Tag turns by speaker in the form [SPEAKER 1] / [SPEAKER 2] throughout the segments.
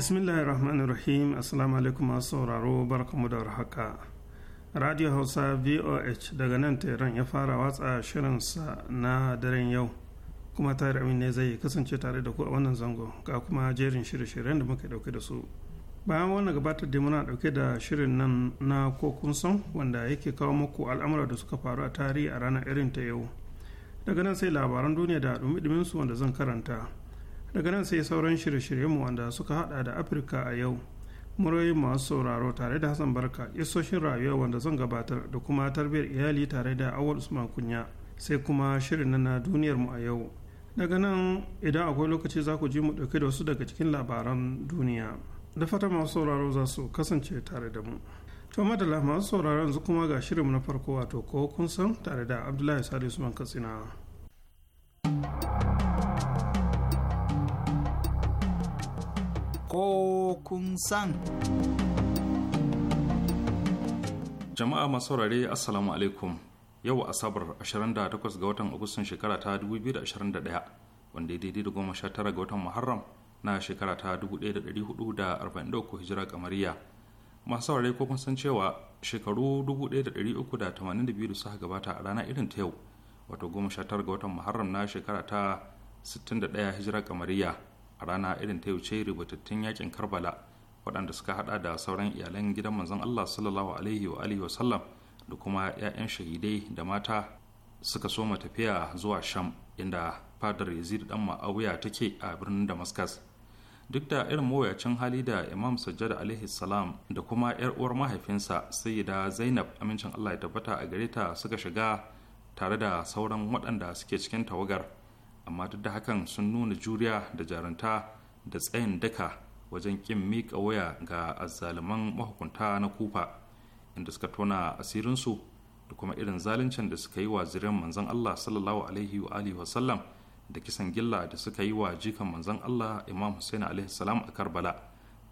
[SPEAKER 1] bismillahir rahmanir rahim assalamu alaikum masu sauraro barkamu da haka radio hausa voh daga nan tehran ya fara watsa shirinsa na daren yau kuma tare amin ne zai kasance tare da ku a wannan zango ga kuma jerin shirye-shiryen da muka dauke da su bayan wannan gabatar da muna dauke da shirin nan na kokun son wanda yake kawo muku al'amura da suka faru a tarihi a ranar irin ta yau daga nan sai labaran duniya da dumi su wanda zan karanta daga nan sai sauran shirye-shiryenmu wanda suka hada da afirka a yau murayi masu sauraro tare da hassan barka isoshin rayuwa wanda zan gabatar da kuma tarbiyyar iyali tare da awal usman kunya sai kuma shirin na duniyar mu a yau daga nan idan akwai lokaci za ku ji mu dauke da wasu daga cikin labaran duniya da fata masu sauraro za su kasance tare da mu to madalla masu sauraro yanzu kuma ga shirin na farko wato ko kun san tare da abdullahi sadi usman katsina
[SPEAKER 2] ko kun san.
[SPEAKER 3] Jama'a masaurare saurare Assalamu alaikum yau Asabar 28 ga watan Agustan shekara ta 2021 wanda daidai da goma sha tara ga watan Muharram na shekara ta 1443 hijira kamariya. Masu saurare ko kun san cewa shekaru 1382 da suka gabata a rana irin ta yau wato goma sha tara ga watan Muharram na shekara ta 61 hijira kamariya. a rana irin ta wuce rubutattun yakin karbala waɗanda suka hada da sauran iyalan gidan manzon allah sallallahu alaihi wa alihi wasallam da kuma 'ya'yan shahidai da mata suka soma tafiya zuwa sham inda fadar yazid dan ma'awiya take a birnin damascus duk da irin mawuyacin hali da imam sajjada alaihi salam da kuma yar uwar mahaifinsa sayyida zainab amincin allah ya tabbata a gare ta suka shiga tare da sauran waɗanda suke cikin tawagar amma duk da hakan sun nuna juriya da jarunta da tsayin daka wajen kin miƙa waya ga azzaluman mahukunta na kufa inda suka tona asirinsu da kuma irin zaluncin da suka yi wa zirin manzon Allah sallallahu alaihi wa alihi da kisan gilla da suka yi wa jikan manzon Allah Imam Hussein alaihi salam a Karbala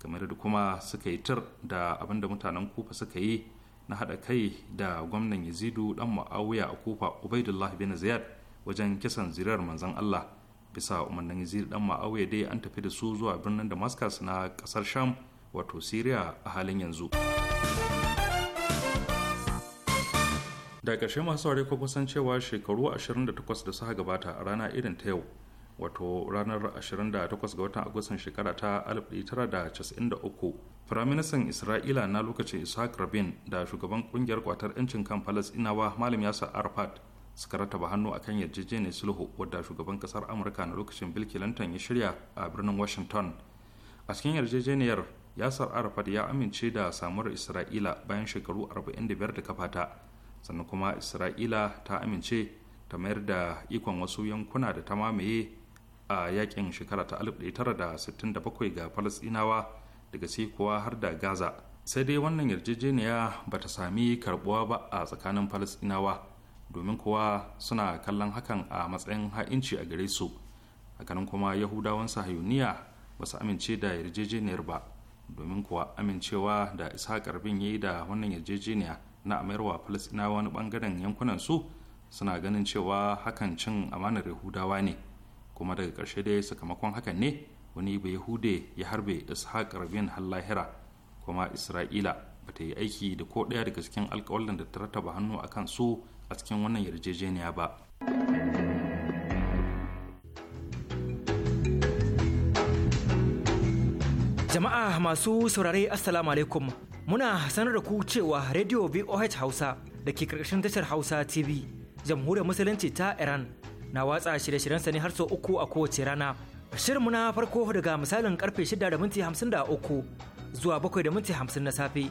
[SPEAKER 3] kamar da kuma suka yi tir da abinda mutanen Kufa suka yi na hada kai da gwamnan Yazidu dan Muawiya a Kufa Ubaidullah bin Ziyad wajen kisan zirar manzan Allah bisa umarnin zir dan ma'auya dai an tafi da su zuwa birnin damascus na kasar sham wato syria a halin yanzu da ƙarshe masu saurari ko kusan cewa shekaru 28 da suka gabata a rana irin ta yau wato ranar 28 ga watan agustan shekara ta 1993 firaministan isra'ila na lokacin isaac rabin da shugaban kungiyar kwatar 'yancin kan inawa malam yasa arafat. suka rataba hannu akan yarjejeniyar sulhu wadda shugaban kasar amurka na lokacin bill clinton ya shirya a birnin washington a cikin yarjejeniyar yasar arafat ya amince da samuwar isra'ila bayan shekaru 45 da kafata sannan kuma isra'ila ta amince ta mayar da ikon wasu yankuna da ta mamaye a yakin shekara ta 1967 ga falasdinawa daga sai har da gaza sai dai wannan yarjejeniya ba ta sami karbuwa ba a tsakanin falasdinawa domin kuwa suna kallon hakan a matsayin ha'inci a gare su hakanan kuma yahudawan sahayuniya ba su amince da yarjejeniyar ba domin kuwa amincewa da isa karbin ya yi da wannan yarjejeniya na amayarwa falasina wani bangaren yankunan su suna ganin cewa hakan cin amanar yahudawa ne kuma daga ƙarshe dai sakamakon hakan ne wani bai yahude ya harbe ishaq har lahira kuma isra'ila ba ta yi aiki da ko ɗaya daga cikin alkawalin da ta rataba hannu a kan su a cikin wannan yarjejeniya ba.
[SPEAKER 4] Jama'a masu saurare Assalamu alaikum muna sanar da ku cewa Radio VOH Hausa da ke karkashin tashar Hausa TV jamhuriyar musulunci ta Iran na watsa shirye sa ne har sau uku a kowace rana. shirin muna farko daga misalin karfe 6 da minti 53 zuwa 7 da minti 50 na safe.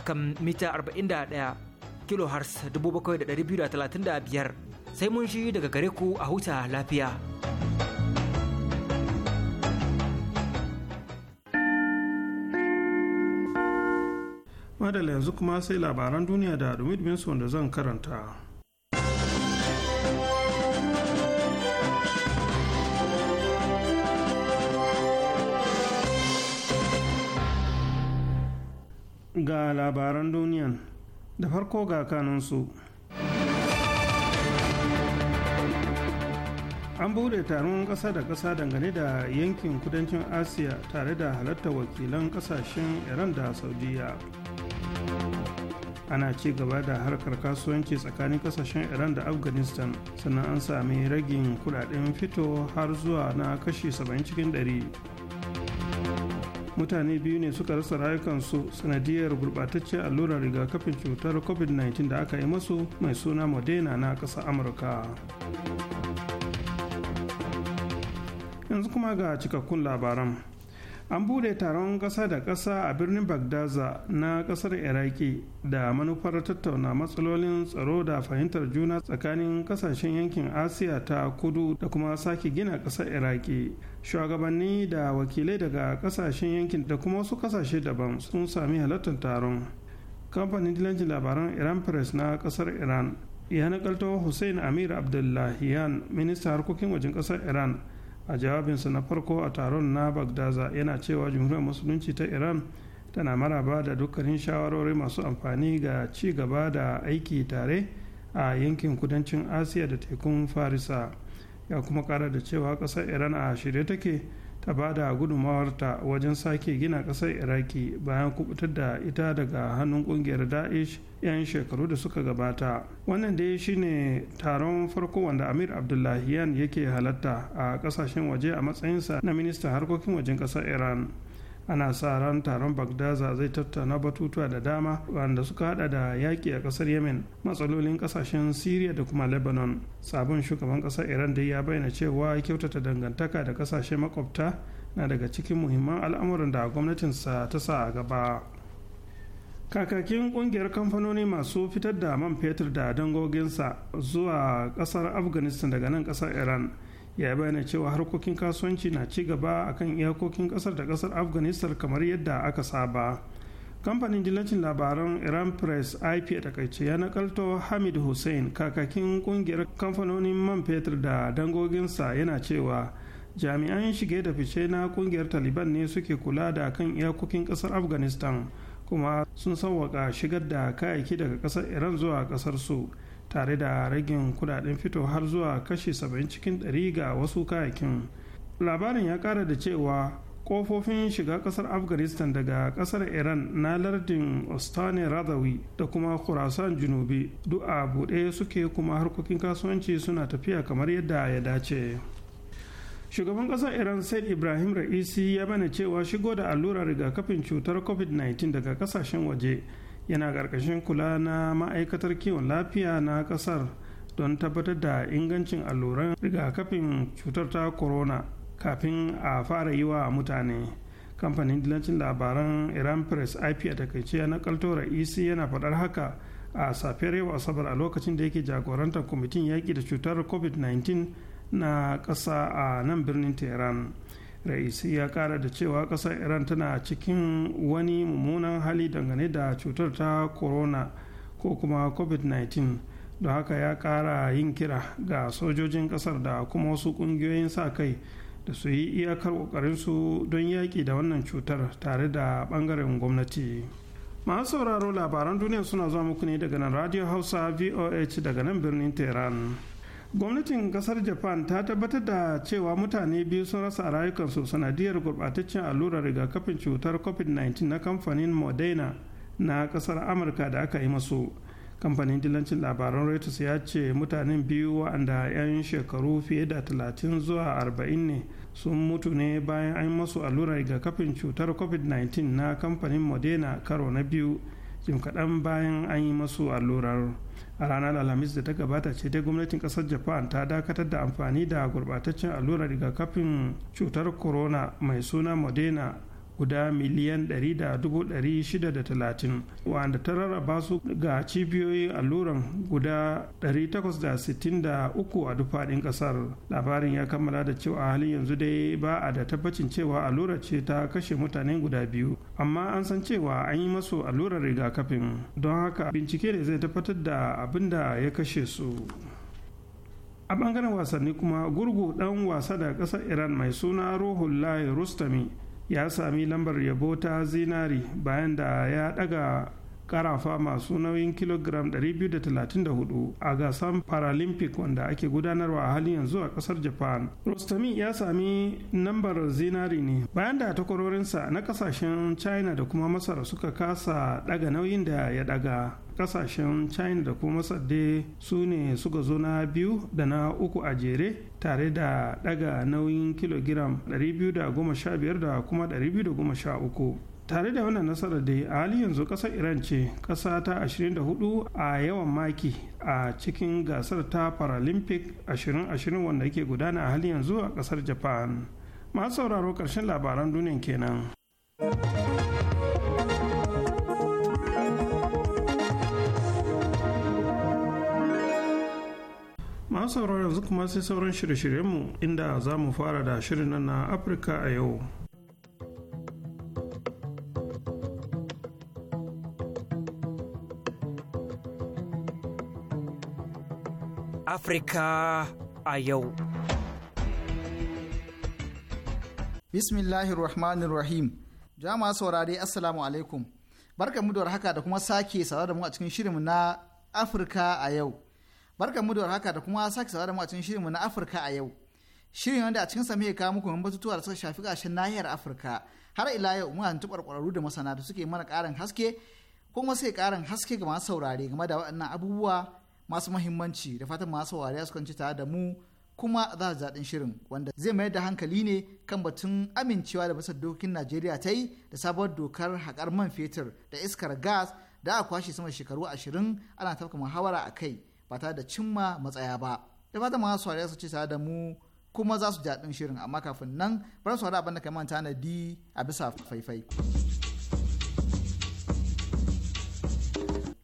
[SPEAKER 4] akan mita 41 kilohertz 7,235 sai mun shi daga gare ku a huta lafiya.
[SPEAKER 1] Madalla yanzu kuma sai labaran duniya da dumi wanda zan karanta. ga labaran duniyan da farko ga kanunsu an bude taron ƙasa da ƙasa dangane da yankin kudancin asiya tare da halatta wakilan ƙasashen iran da saudiya ana ci gaba da harkar kasuwanci tsakanin kasashen iran da afghanistan sannan an sami ragin kudaden fito har zuwa na kashi 70 cikin 100 mutane biyu ne suka rasa rayukansu sanadiyar gurɓataccen allurar rigakafin cutar covid-19 da aka yi masu mai suna modena na ƙasar amurka yanzu kuma ga cikakkun labaran an bude taron ƙasa da ƙasa a birnin bagdaza na ƙasar iraki da manufar tattauna matsalolin tsaro da fahimtar juna tsakanin ƙasashen yankin asiya ta kudu da kuma sake gina ƙasar iraki shugabanni da wakilai daga kasashen yankin da kuma wasu kasashe daban sun sami halartar taron kamfanin dilanci labaran iran press na kasar iran ya nakalto hussein amir abdullahiyan minista harkokin wajen kasar iran a jawabinsa na farko a taron na bagdaza yana cewa jumhuriyar musulunci ta iran tana maraba da dukkanin shawarori masu amfani ga ci gaba da aiki tare a yankin kudancin asiya da tekun farisa ya kuma kara da cewa kasar iran a shirye take ta ba da gudunmawarta wajen sake gina kasar iraki bayan kubutar da ita daga hannun kungiyar daesh 'yan shekaru da suka gabata wannan dai shine taron farko wanda amir abdullahiyan yake halatta a kasashen waje a matsayinsa na ministan harkokin wajen kasar iran ana sa ran taron bagdaza zai tattauna batutuwa da dama wanda suka hada da yaƙi a ƙasar yemen matsalolin ƙasashen syria da kuma lebanon sabon shugaban ƙasar iran dai ya bayyana cewa kyautata dangantaka da ƙasashe makwabta na daga cikin muhimman al'amuran da gwamnatinsa ta sa a gaba kakakin kungiyar kamfanoni masu fitar da man fetur da dangoginsa zuwa kasar afghanistan daga nan kasar iran ya bayyana cewa harkokin kasuwanci na ci gaba kan iyakokin kasar da kasar afghanistan kamar yadda aka saba kamfanin dillacin labaran iran press ip a takaice ya nakalto hamid hussein kakakin kungiyar kamfanonin man fetur da dangoginsa yana cewa jami'an shige da fice na kungiyar taliban ne suke kula da kan iyakokin kasar afghanistan kuma sun sauwaka shigar da kayayyaki daga kasar iran zuwa kasar su tare da ragin kudaden fito har zuwa kashi 70 cikin 100 ga wasu kayakin labarin ya kara da cewa kofofin shiga kasar afghanistan daga kasar iran na lardin ostani radawi da kuma kurasan junubi duk a buɗe suke kuma harkokin kasuwanci suna tafiya kamar yadda ya dace shugaban kasar iran said ibrahim ra'isi ya bane cewa shigo da allurar rigakafin cutar covid-19 daga kasashen waje yana ƙarƙashin kula na ma'aikatar kiwon lafiya na ƙasar don tabbatar da ingancin alluran rigakafin cutar ta corona kafin a fara yi wa mutane kamfanin dilancin labaran iran press ip a takaice na kaltora ec yana faɗar haka a safiyar yau asabar a lokacin da yake jagorantar kwamitin yaƙi da cutar covid-19 na ƙasa a nan birnin tehran raisi ya kara da cewa kasar iran tana cikin wani mummunan hali dangane da cutar ta corona ko kuma covid-19 don haka ya kara yin kira ga sojojin kasar da kuma wasu kungiyoyin sa kai da su yi iyakar kokarinsu don yaƙi da wannan cutar tare da ɓangaren gwamnati masu sauraro labaran duniya suna zuwa muku ne daga nan radio hausa voh daga nan birnin tehran gwamnatin kasar japan ta tabbatar da cewa mutane biyu sun rasa rayukansu sanadiyar gurbataccen allurar rigakafin cutar covid-19 na kamfanin modena na kasar amurka da aka yi masu kamfanin dilancin labaran reuters ya ce mutanen biyu wa'anda 'yan shekaru fiye da 30 zuwa 40 ne sun mutu ne bayan an masu allurar rigakafin cutar covid-19 na kamfanin modena karo na biyu jim kaɗan bayan an yi masu allurar a ranar alhamis da ta gabata ce dai gwamnatin ƙasar japan ta dakatar da amfani da gurɓataccen allurar rigakafin cutar corona mai suna modena guda miliyan 100,630 wanda ta rarraba su ga cibiyoyin alluran guda 863 a duk faɗin ƙasar labarin ya kammala da cewa halin yanzu dai ba a da tabbacin cewa allurar ce ta kashe mutane guda biyu amma an san cewa an yi masu allurar rigakafin don haka bincike ne zai tabbatar da abin da ya kashe su a bangaren wasanni kuma gurgu ɗan wasa da ƙasar iran mai suna rohullahi rustami ya sami lambar yabo ta zinari bayan da ya daga karafa masu nauyin kilogram 234 a gasar paralympic wanda ake gudanarwa a halin yanzu a kasar japan rostami ya sami nambar zinari ne bayan da takwarorinsa na kasashen china da kuma masar suka kasa daga nauyin da ya daga kasashen china da kuma masar dai su ne suka zo na biyu da na uku a jere tare da daga nauyin kilogiram 215 da kuma 213 tare da wannan nasarar da a hali yanzu kasar iran ce kasa ta 24 a yawan maki a cikin gasar ta paralympic 2020 wanda ke gudana a hali yanzu a kasar japan masu sauraro karshen labaran duniyan kenan masu sauraro yanzu kuma sai sauran shirye-shiryenmu inda za mu fara da shirin nan na afirka a yau
[SPEAKER 2] Afrika a yau. Bismillahirrahmanirrahim. Jama'a saurare Assalamu alaikum. Barka mu da haka da kuma sake saurare da mu a cikin shirinmu na Afirka a yau. Barka mu da haka da kuma sake saurare da mu a cikin shirinmu na Afirka a yau. Shirin wanda a cikin sa muke kawo muku batutuwa da suka shafi ƙarshen nahiyar Afirka. Har ila yau muna tuntuɓar ƙwararru da masana da suke mana ƙarin haske kuma sai ƙarin haske ga masu saurare game da waɗannan abubuwa masu mahimmanci da fatan masu wariya su kwanci tare da mu kuma za su zaɗin shirin wanda zai mayar da hankali ne kan batun amincewa da masar dokokin najeriya ta yi da sabuwar dokar haƙar man fetur da iskar gas da a kwashe sama shekaru ashirin ana tafka muhawara a kai ba tare da cimma matsaya ba da fatan masu wariya su ci tare da mu kuma za su jaɗin shirin amma kafin nan bar su abin da kai manta na di a bisa faifai.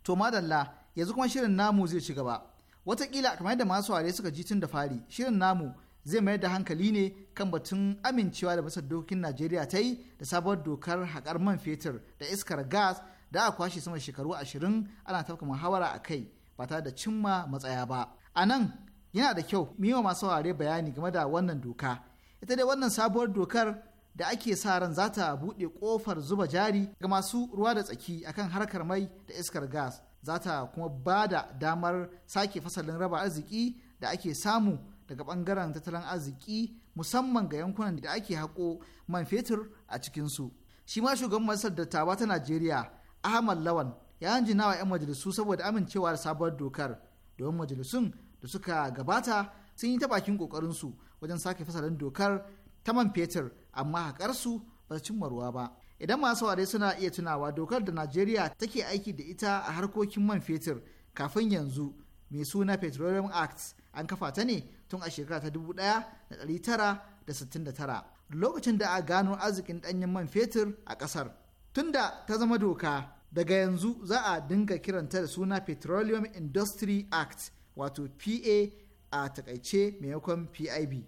[SPEAKER 2] to madalla yanzu kuma shirin namu zai ci gaba watakila kamar yadda masu ware suka ji tun da fari shirin namu zai mayar da hankali ne kan batun amincewa da masar dokokin najeriya ta yi da sabuwar dokar haƙar man fetur da iskar gas da aka kwashe sama shekaru ashirin ana tafka muhawara a kai ba tare da cimma matsaya ba a nan yana da kyau mu wa masu ware bayani game da wannan doka ita dai wannan sabuwar dokar da ake sa ran za ta buɗe ƙofar zuba jari ga masu ruwa da tsaki akan harkar mai da iskar gas za ta kuma ba da damar sake fasalin raba arziki da ake samu daga bangaren tattalin arziki musamman ga yankunan da ake haƙo man fetur a cikinsu. Shi ma shugaban majalisar dattawa ta Najeriya Ahmad Lawan ya yi wa 'yan majalisu saboda amincewa da sabuwar dokar domin majalisun da suka gabata sun yi ta bakin kokarinsu wajen sake fasalin dokar ta man fetur amma haƙarsu ba ta cimma ruwa ba. idan masu ware suna iya tunawa dokar da najeriya take aiki da ita a harkokin man fetur kafin yanzu mai suna petroleum act an kafa ta ne tun a shekara ta 1969 lokacin da a gano arzikin danyen man fetur a kasar tunda ta zama doka daga yanzu za a dinga kiranta da suna petroleum industry act wato pa a takaice maimakon pib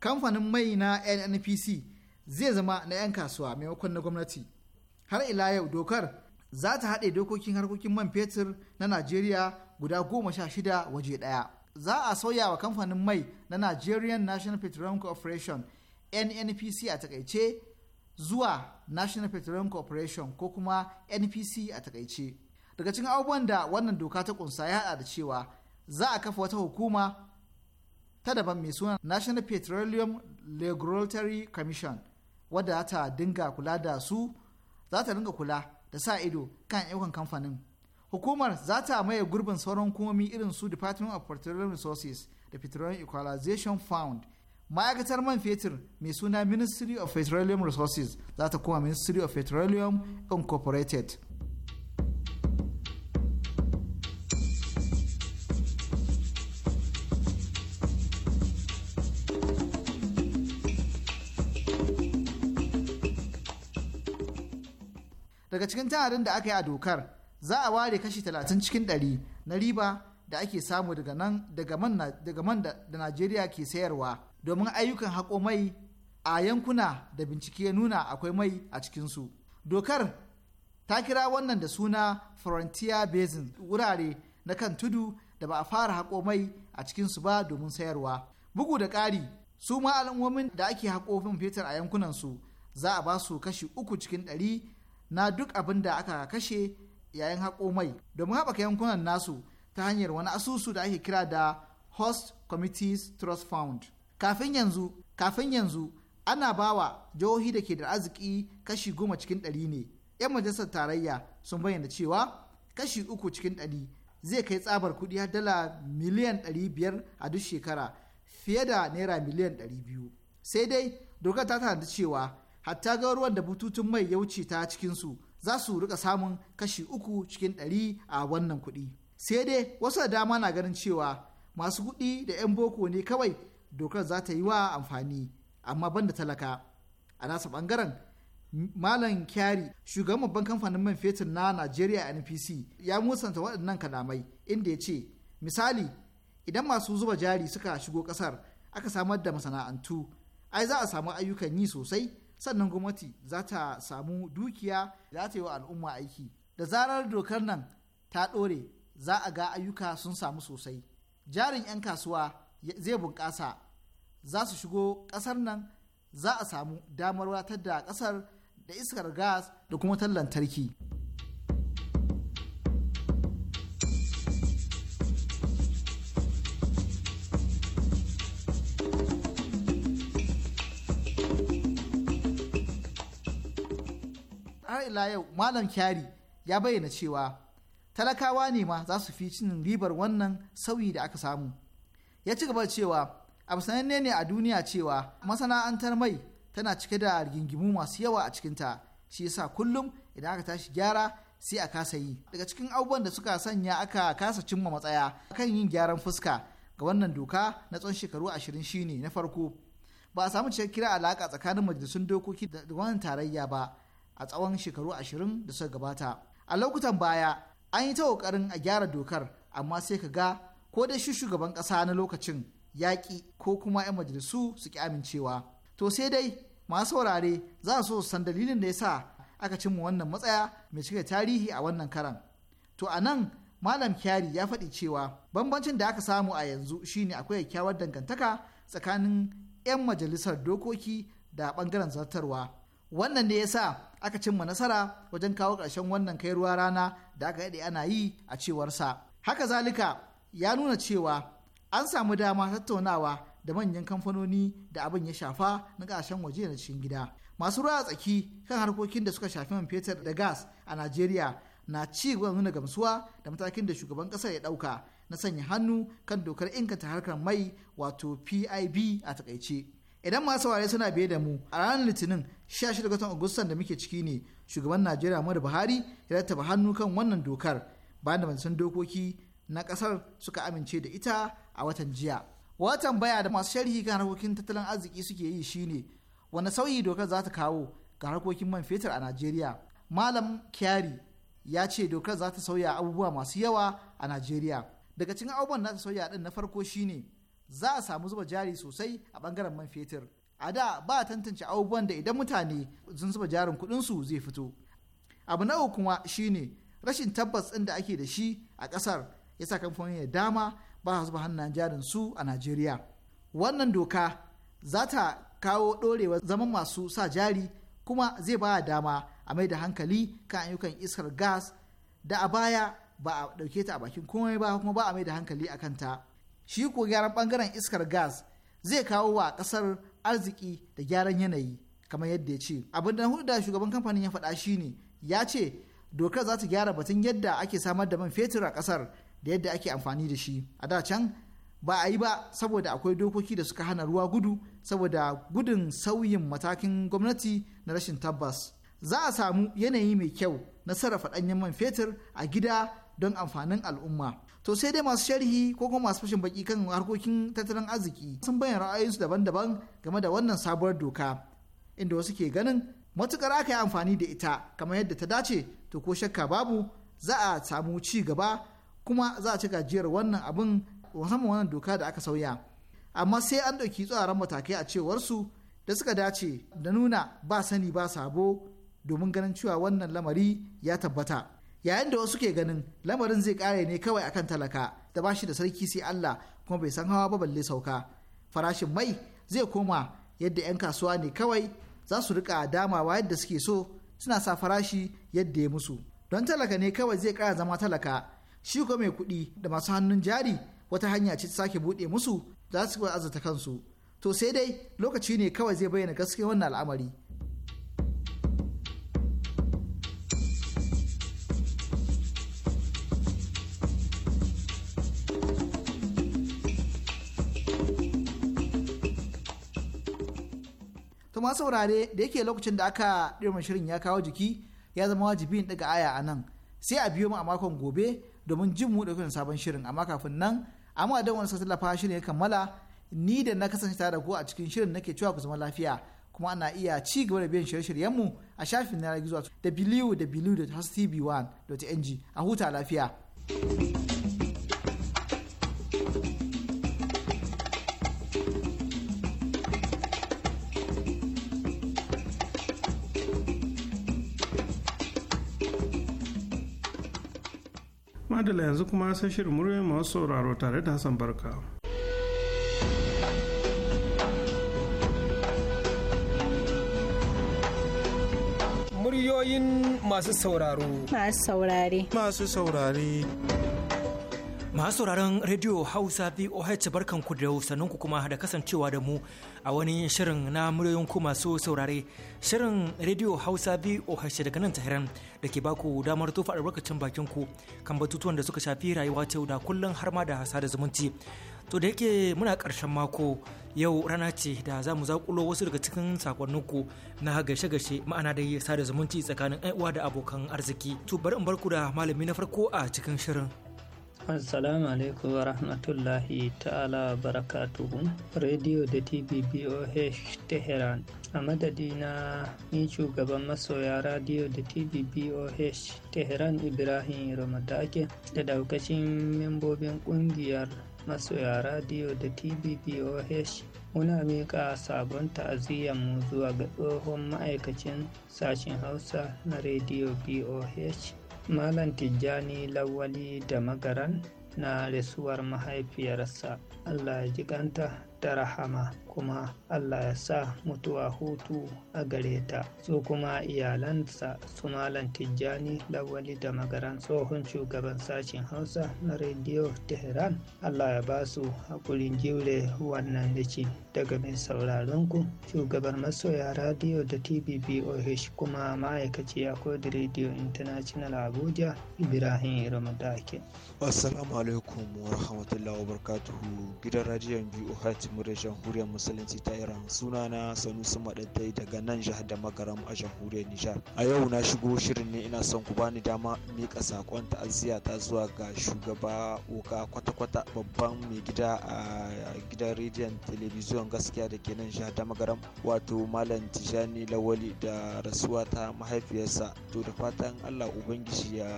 [SPEAKER 2] kamfanin mai na nnpc zai zama na 'yan kasuwa maimakon na gwamnati har ila yau dokar za ta haɗe dokokin harkokin man fetur na najeriya guda goma sha shida waje ɗaya za a sauya wa kamfanin mai na nigerian national petroleum corporation nnpc a takaice zuwa national petroleum corporation ko kuma npc a takaice daga cikin abubuwan da wannan doka ta kunsa ya haɗa da cewa za a kafa wata hukuma ta daban mai suna national petroleum regulatory commission wadda za ta dinga kula da su za ta dinga kula da sa ido kan ayyukan kamfanin hukumar za ta maye gurbin sauran hukumomi irin su department of petroleum resources da petroleum equalization fund ma'aikatar man fetur mai suna ministry of petroleum resources za ta koma ministry of petroleum incorporated daga cikin tanadin da aka yi a dokar za a ware kashi talatin cikin ɗari na riba da ake samu daga nan daga man da najeriya ke sayarwa domin ayyukan haƙo mai a yankuna da bincike nuna akwai mai a cikinsu dokar ta kira wannan da suna frontier basin wurare na kan tudu da ba a fara haƙo mai a cikinsu ba domin sayarwa bugu da ƙari su ma al'ummomin da ake haƙo fetur a yankunansu za a ba su kashi uku cikin ɗari na duk abin da aka kashe yayin haƙo mai domin haɓaka yankunan nasu ta hanyar wani asusu da ake kira da host committees trust fund kafin yanzu kafin yanzu ana bawa jihohi da ke da arziki kashi goma cikin ɗari ne yan majalisar tarayya sun bayyana cewa kashi uku cikin ɗari zai kai tsabar kuɗi har dala miliyan ɗari biyar a duk shekara fiye da naira miliyan ɗari biyu sai dai dokar ta tanadi cewa hatta ga ruwan da bututun mai ya wuce ta cikinsu za su rika samun kashi uku cikin ɗari a wannan kuɗi sai dai wasu da dama na ganin cewa masu kuɗi da 'yan boko ne kawai dokar za ta yi wa amfani amma banda talaka a nasa ɓangaren malam kyari shugaban babban kamfanin man fetur na najeriya npc ya musanta waɗannan kalamai inda ya ce misali idan masu zuba jari suka shigo ƙasar aka samar da masana'antu ai za a samu ayyukan yi sosai sannan gwamnati za ta samu dukiya za ta yi wa al'umma aiki da zarar dokar nan ta ɗore za a ga ayyuka sun samu sosai jarin 'yan kasuwa zai bunƙasa za su shigo ƙasar nan za a samu damar wadatar da ƙasar da iskar gas da kuma lantarki. ila yau malam kyari ya bayyana cewa talakawa ne ma za su fi cin ribar wannan sauyi da aka samu ya ci gaba cewa abu sananne ne a duniya cewa masana'antar mai tana cike da rigingimu masu yawa a cikinta shi yasa kullum idan aka tashi gyara sai a kasa yi daga cikin abubuwan da suka sanya aka kasa cimma matsaya kan yin gyaran fuska ga wannan doka na tsawon shekaru ashirin shine na farko ba a samu cikakkiyar alaka tsakanin majalisun dokoki da wannan tarayya ba a tsawon shekaru ashirin da suka gabata a lokutan baya an yi ta kokarin a gyara dokar amma sai ka ga ko dai shi shugaban ƙasa na lokacin yaƙi ko kuma 'yan majalisu su ki amincewa to sai dai masu saurare za su so san dalilin da ya sa aka cimma wannan matsaya mai cike tarihi a wannan karan to a nan malam kyari ya faɗi cewa bambancin da aka samu a yanzu shine akwai kyakkyawar dangantaka tsakanin 'yan majalisar dokoki da ɓangaren zartarwa wannan ne sa aka cimma nasara wajen kawo ƙarshen wannan kai ruwa rana da aka daɗe ana yi a cewarsa haka zalika ya nuna cewa an samu dama tattaunawa da manyan kamfanoni da abin ya shafa na ƙasashen waje na cikin gida masu ruwa a tsaki kan harkokin da suka shafi man fetur da gas a najeriya na ci gaba nuna gamsuwa da matakin da shugaban ƙasar ya ɗauka na sanya hannu kan dokar inganta harkar mai wato pib a takaice idan masu ware suna biye da mu a ranar litinin 16 ga agustan da muke ciki ne shugaban najeriya muhammadu buhari ya rattaba hannu kan wannan dokar bayan da majalisun dokoki na kasar suka amince da ita a watan jiya wata baya da masu sharhi kan harkokin tattalin arziki suke yi shine wani sauyi dokar za ta kawo ga harkokin man fetur a najeriya malam kyari ya ce dokar za ta sauya abubuwa masu yawa a najeriya daga cikin abubuwan da ta sauya din na farko shine za a samu zuba jari sosai a bangaren man fetur a da ba a tantance abubuwan da idan mutane sun zuba jarin su zai fito abu na uku kuma shine rashin tabbas ɗin da ake da shi a ƙasar ya sa kamfanin da dama ba su zuba hannun jarin su a najeriya wannan doka za ta kawo ɗorewar zaman masu sa jari kuma zai ba dama a mai da hankali kan ayyukan iskar gas da a baya ba a ɗauke ta a bakin komai ba kuma ba a mai da hankali a kanta. shi ko gyaran bangaren iskar gas zai kawo wa kasar arziki da gyaran yanayi kamar yadda ya ce abin da hulɗa shugaban kamfanin ya faɗa shine ya ce dokar za ta gyara batun yadda ake samar da man fetur a kasar da yadda ake amfani da shi a da can ba a yi ba saboda akwai dokoki da suka hana ruwa gudu saboda gudun sauyin matakin gwamnati na rashin tabbas za a samu yanayi mai kyau na sarrafa ɗanyen man fetur a gida don amfanin al'umma to sai dai masu sharhi ko kuma masu fashin baki kan harkokin tattalin arziki sun bayyana ra'ayinsu daban-daban game da wannan sabuwar doka inda wasu ke ganin matukar aka yi amfani da ita kamar yadda ta dace to ko shakka babu za a samu ci gaba kuma za a ci gajiyar wannan abin musamman wannan doka da aka sauya amma sai an ɗauki tsoron matakai a cewar su da suka dace da nuna ba sani ba sabo domin ganin cewa wannan lamari ya tabbata yayin da wasu ke ganin lamarin zai kare ne kawai akan talaka da ba shi da sarki sai Allah kuma bai san hawa ba balle sauka farashin mai zai koma yadda 'yan kasuwa ne kawai za su rika damawa yadda suke so suna sa farashi yadda ya musu don talaka ne kawai zai kara zama talaka shi kuma mai kuɗi da masu hannun jari wata hanya ce ta sake buɗe musu za su azata kansu to sai dai lokaci ne kawai zai bayyana gaskiyar wannan al'amari ma saurare da yake lokacin da aka ɗirma shirin ya kawo jiki ya zama wajibi in ɗaga aya a nan sai a biyo mu a makon gobe domin jin mu ɗauki sabon shirin amma kafin nan amma don wani sassa lafa shirin ya kammala ni da na kasance tare da ku a cikin shirin nake cewa ku zama lafiya kuma ana iya ci gaba da biyan shirye mu a shafin na gizo www.hostv1.ng a huta lafiya.
[SPEAKER 1] madala yanzu kuma sai shirin murya masu sauraro tare da hassan barka
[SPEAKER 5] muryoyin masu sauraro masu saurare masu saurare Masu sauraron
[SPEAKER 4] Radio Hausa VOH ku da ku kuma da kasancewa da mu a wani shirin na muryoyin ku masu saurare. Shirin Radio Hausa VOH daga nan Tahiran da ke baku damar tofa albarkacin bakin ku kan batutuwan da suka shafi rayuwa ta yau da kullum har ma da sada zumunci. To da yake muna karshen mako yau rana ce da za mu zaƙulo wasu daga cikin ku na gashe-gashe ma'ana da sada zumunci tsakanin uwa da abokan arziki. To bari in barku da malami na farko a cikin shirin.
[SPEAKER 6] Assalamu alaikum wa rahmatullahi ta'ala barakatuhu. Radio da TV BOH Teheran. A madadina ni shugaban masoya radio da TV BOH Teheran Ibrahim Ramadake da daukacin membobin kungiyar masoya radio da TV BOH muna miƙa sabon mu zuwa ga tsohon ma'aikacin sashen hausa na rediyo boh Malam Tijjani Lawali da Magaran na rasuwar mahaifiyarsa Allah ya ji da rahama kuma Allah ya sa mutuwa hutu a gare ta su kuma iyalansa su malam Tijjani Lawali da magaran tsohon shugaban sashen Hausa na rediyo Tehran Allah ya ba su hakurin jure wannan rici daga mai sauraron ku shugaban masoya radio da TBBOH kuma ma'aikaci a da Radio International Abuja Ibrahim Ramadake. Assalamu alaikum wa
[SPEAKER 5] rahmatullahi wa barakatuhu gidan radiyon BOH jamhuriyar musulunci ta iran sunana sanusi maɗaɗai daga nan jihar da magaram a jamhuriyar nijar a yau na shigo shirin ne ina son ku bani dama mika saƙon ta'aziyya ta zuwa ga shugaba oka kwata-kwata babban mai gida a gidan rediyon telebijin gaskiya da ke nan jihar da magaram wato malam tijani lawali da rasuwa ta mahaifiyarsa to da fatan allah ubangiji ya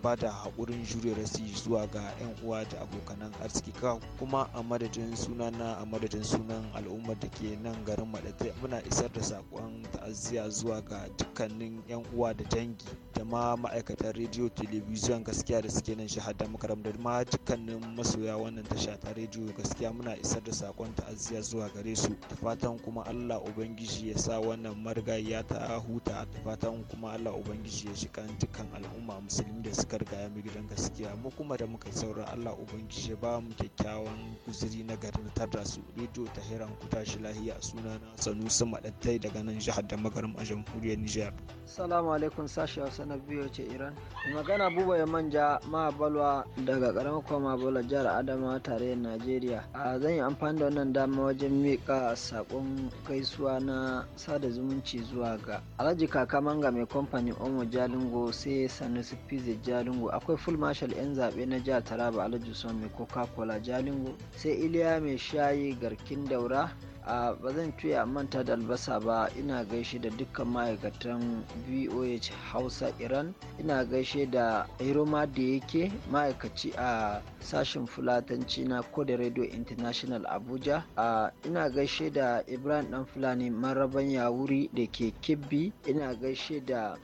[SPEAKER 5] ba da haƙurin jure rasi zuwa ga 'yan uwa da abokanan arziki kuma a madadin sunana a madadin sunan al'ummar da ke nan garin madatai muna isar da saƙon ta'aziyya zuwa ga dukkanin yan uwa da dangi da ma ma'aikatan rediyo telebijin gaskiya da suke nan shahada makaram da ma dukkanin masoya wannan tasha ta rediyo gaskiya muna isar da saƙon ta'aziyya zuwa gare su da fatan kuma Allah ubangiji ya sa wannan marigayya ta huta da fatan kuma Allah ubangiji ya shiga dukkan al'umma musulmi da suka riga ya mu gidan gaskiya mu kuma da muka saura Allah ubangiji ya ba mu kyakkyawan guzuri na garin tarda su rediyo ta hira an ku tashi lahiya a sunana sun maɗantai daga nan jihar da magarin a jamhuriyar Nijar.
[SPEAKER 6] Salamu alaikum sashi Hausa na biyu ce Iran. Magana Buba ya manja balwa daga karamar kwama bala jihar Adama tarayyar Najeriya. A zan yi amfani da wannan dama wajen miƙa saƙon gaisuwa na sada zumunci zuwa ga Alhaji Kaka Manga mai kamfanin Omo Jalingo sai Sanusi Pizze Jalingo akwai Full Marshal 'yan zaɓe na jihar Taraba Alhaji Son mai coca Jalingo sai Iliya mai shayi garkin daura melhorar a ba zan tuya manta da albasa ba ina gaishe da dukkan ma'aikatan voh hausa iran ina gaishe da hiroma da yake ma'aikaci a sashen fulatanci na kodin radio international abuja a ina gaishe da ibrahim dan fulani maraban yawuri da ke kibbi ina gaishe da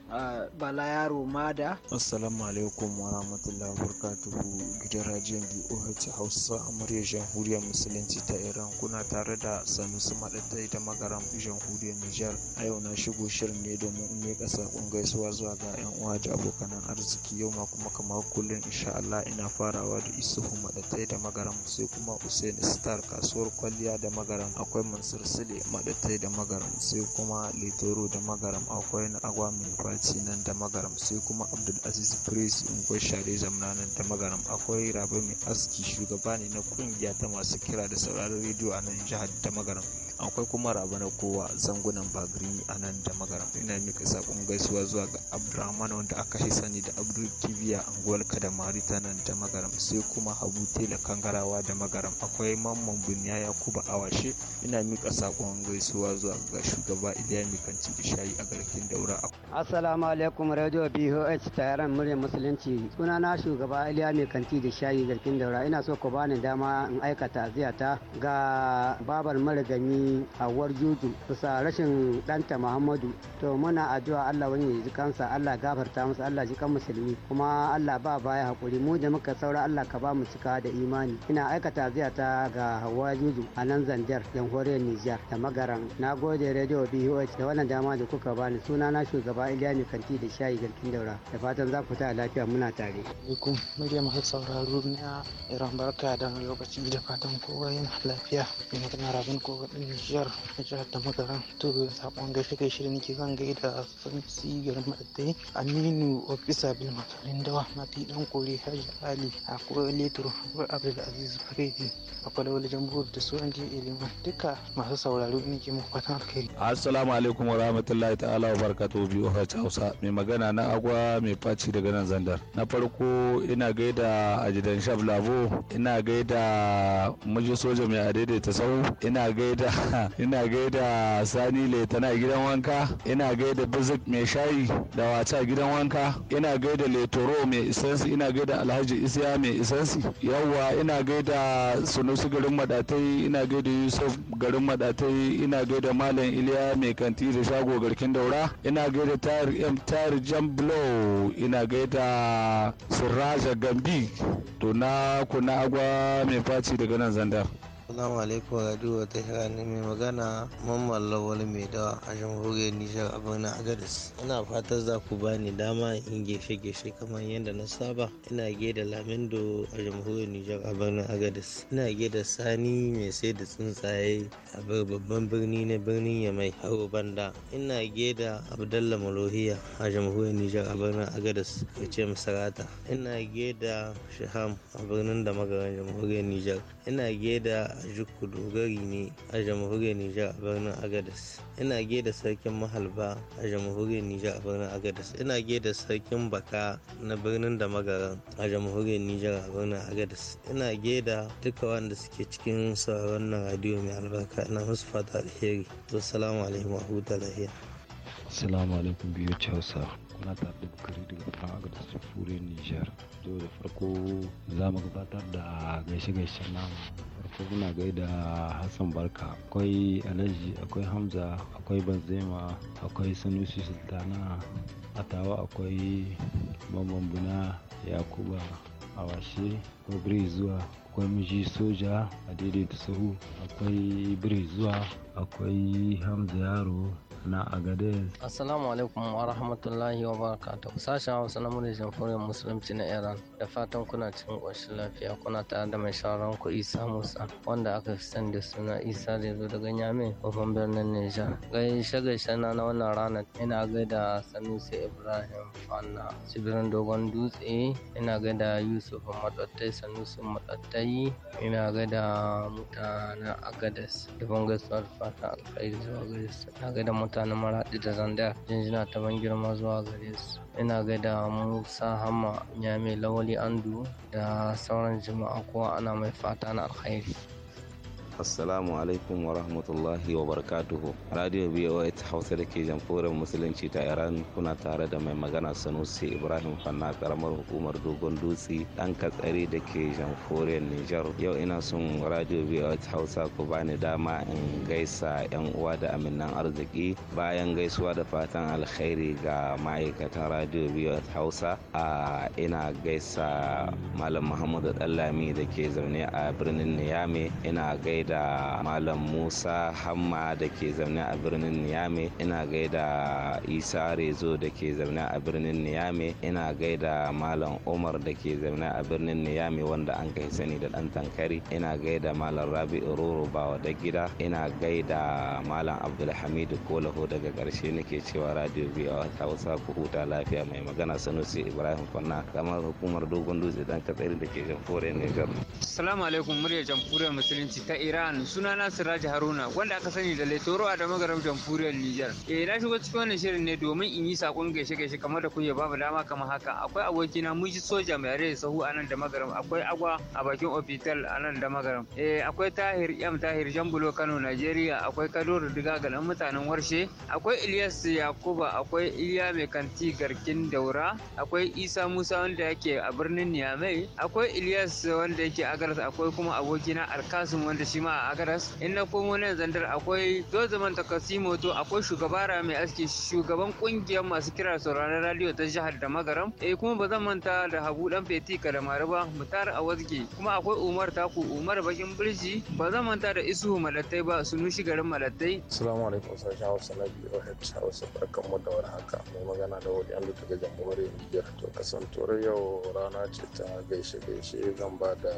[SPEAKER 6] bala yaro mada
[SPEAKER 5] assalamu alaikum wa rahmatullahi wa barakatuhu gidan rajin voh hausa amurya jamhuriyar musulunci ta iran kuna tare da sami Musuma Ɗattai ta hudu Jamhuriyar Nijar. A yau na shigo shirin ne domin in miƙa saƙon gaisuwa zuwa ga 'yan uwa da abokanan arziki yau ma kuma kamar kullum insha Allah ina farawa da Isuhu Maɗattai da Magaram sai kuma Hussein Star kasuwar kwalliya da Magaram akwai Mansur Sule Maɗattai da Magaram sai kuma Litoro da Magaram akwai na Agwa Faci nan da Magaram sai kuma Abdul Aziz Prince Ungo Share Zamna nan da Magaram akwai Rabe Mai Aski shugaba ne na kungiya ta masu kira da sauraron rediyo a nan jihar da Magaram akwai kuma na kowa zangunan bagri a nan da magaram ina mika sakon gaisuwa zuwa ga abdulrahman wanda aka shi sani da abdul kibiya anguwar kadamari ta nan da magaram sai kuma habu tela kangarawa da magaram akwai mamman buniya yakuba awashe ina mika sakon gaisuwa zuwa ga shugaba iliya mikanci da shayi a garkin daura
[SPEAKER 6] assalamu alaikum radio boh tayaran murya musulunci sunana shugaba iliya mikanci da shayi garkin daura ina so ku bani dama in aikata ziyata ga babar marigami ni awar juju bisa rashin danta muhammadu to muna addu'a allah wani ji kansa allah gafarta masa allah ji kan musulmi kuma allah ba baya hakuri mu da muka saura allah ka ba mu cika da imani ina aikata ziyata ga hawa juju a nan zanjar jamhuriyar nijar da magaran na gode radio boh da wannan dama da kuka bani suna na shugaba iliya kanti da shayi garkin daura da fatan za ku ta lafiya muna tare. alaikum sauraro
[SPEAKER 1] na iran barka
[SPEAKER 5] lokaci da fatan kowa yana lafiya ina kana rabin kowa din jihar jihar da magaran to sakon gaishe gaishe da nake zan gaida sansi garma dai aminu ofisa bil makalin dawa mati dan kore haji ali akwai letro akwai abdul aziz fredi akwai wani da su ji eleman duka masu sauraro ne ke muku fatan
[SPEAKER 3] alkhairi
[SPEAKER 7] assalamu alaikum wa rahmatullahi ta'ala wa barakatuhu bi hausa mai magana na agwa mai faci daga nan zandar na farko ina gaida a gidan shaf labo ina gaida muji soja mai adaidaita sau ina gaida ina gaida sani letana gidan wanka ina gaida bizik mai shayi da wata gidan wanka ina gaida letoro mai isansi ina gaida alhaji isiya mai isansi yawwa ina gaida sunusu garin madatai ina gaida yusuf garin madatai ina gaida malam iliya mai kanti da shago garkin daura ina gaida tayar m tayar jamblo ina gaida sirraja gambi to na kuna agwa mai faci daga nan zandar Assalamu alaikum radio ta hirani mai magana mamman
[SPEAKER 6] lawal mai dawa a jamhuriyar Nijar a birnin Agadis. Ina fatan za ku bani dama in gefe gefe kamar yadda na saba. Ina da Lamindo a jamhuriyar Nijar a birnin Agadis. Ina da Sani mai sai da tsuntsaye a babban birni na birnin Yamai har Banda. Ina da Abdallah Malohiya a jamhuriyar Nijar a birnin Agadis ya ce Masarata. Ina da Shaham a birnin da magaran jamhuriyar Nijar. Ina da. Jikku Dogari ne a jamhuriyar Nijar a birnin Agadas. Ina gaida sarkin Mahalba a jamhuriyar Nijar a birnin Agadas. Ina gaida sarkin Baka na birnin da a jamhuriyar Nijar a birnin Agadas. Ina gaida duka wanda suke cikin sauran na radiyo mai albarka ina musu fata alheri. Wassalamu alaikum wa huta
[SPEAKER 5] Assalamu alaikum biyu Hausa. kuna ta da bukari
[SPEAKER 8] daga fara agar su fure nijar yau da farko za mu gabatar da gaishe-gaishen namu farko muna gaida hassan barka akwai alhaji akwai hamza akwai banzema akwai sanusi sultana atawa akwai bambambuna yakuba awashe akwai zuwa akwai miji soja a daidaita sahu akwai biri zuwa akwai hamza yaro na agadez
[SPEAKER 9] assalamu alaikum wa rahmatullahi wa barakatuh sashen hausa na muryar jamhuriyar musulunci na iran da fatan kuna cikin ƙoshin lafiya kuna tare da mai shawaran ku isa musa wanda aka fi sani da suna isa da zo daga nyame babban birnin nijar gai shagaisha na na wannan ranar ina gaida sanusi
[SPEAKER 8] ibrahim fanna
[SPEAKER 9] tsibirin dogon dutse ina gaida yusuf matsattai sanusi matsattai ina gaida mutanen agadas da bangar zuwa gaisa ina gaida mutanen mutanen maraɗi da zandar jinjina ta ban girma zuwa gare su ina gaida musa hamma nyami lawali andu da sauran jima'a kowa ana mai fata na alkhairi
[SPEAKER 8] assalamu alaikum wa rahmatullahi wa barakatuhu radio voa ta hausa da ke jamhuriyar musulunci ta iran kuna tare da mai magana sanusi ibrahim fanna karamar hukumar dogon dutse dan katsari da ke jamhuriyar Nijar? yau ina son radio voa ta hausa ku bani dama in gaisa yan uwa da aminan arziki bayan gaisuwa da fatan alkhairi ga ma'aikatan radio voa ta hausa a ina gaisa malam muhammadu dallami da ke zaune a birnin niyame ina gai gaida malam musa hamma da ke zaune a birnin niyame ina gaida isa rezo da ke zaune a birnin niyame ina gaida malam umar da ke zaune a birnin niyame wanda an kai sani da dan tankari ina gaida malam rabi ororo bawa da gida ina gaida malam abdulhamidu kolaho daga karshe nake cewa radio biyu hausa ku huta lafiya mai magana sanusi ibrahim fanna kamar hukumar dogon dutse dan katsari da ke jamhuriyar niger
[SPEAKER 9] assalamu alaikum muryar jamhuriyar musulunci ta iran Iran na Siraj Haruna wanda aka sani da Letoro a damagaram jamhuriyar Nijar. Eh na shigo cikin wannan shirin ne domin in yi sakon gaishe gaishe kamar da kuke babu dama kamar haka. Akwai abokina ji Soja mai rai sahu a nan da magaram akwai Agwa a bakin ofital a nan da magaram. Eh akwai Tahir Yam Tahir Jambulo Kano Najeriya akwai Kaduru Diga ga mutanen Warshe akwai Ilyas Yakuba akwai Iliya mai kanti garkin Daura akwai Isa Musa wanda yake a birnin Niamey akwai Ilyas wanda yake Agaras akwai kuma abokina Alkasum wanda shi ma a agaras in na komo nan zandar akwai dozaman takasimo to akwai shugaba rami aski shugaban kungiyar masu kira sauraron radio ta jihar da magaram eh kuma ba zan manta da habu dan feti kalamari ba mutar a wazge kuma akwai umar taku umar bakin birji ba zan manta da isu malattai ba sunushi garin malattai
[SPEAKER 7] assalamu alaikum sashen hausa na biyu hausa barkan mu da wani haka mai magana da wani an daga jamhuriyar niger to kasantuwar yau rana ce ta gaishe gaishe zan ba da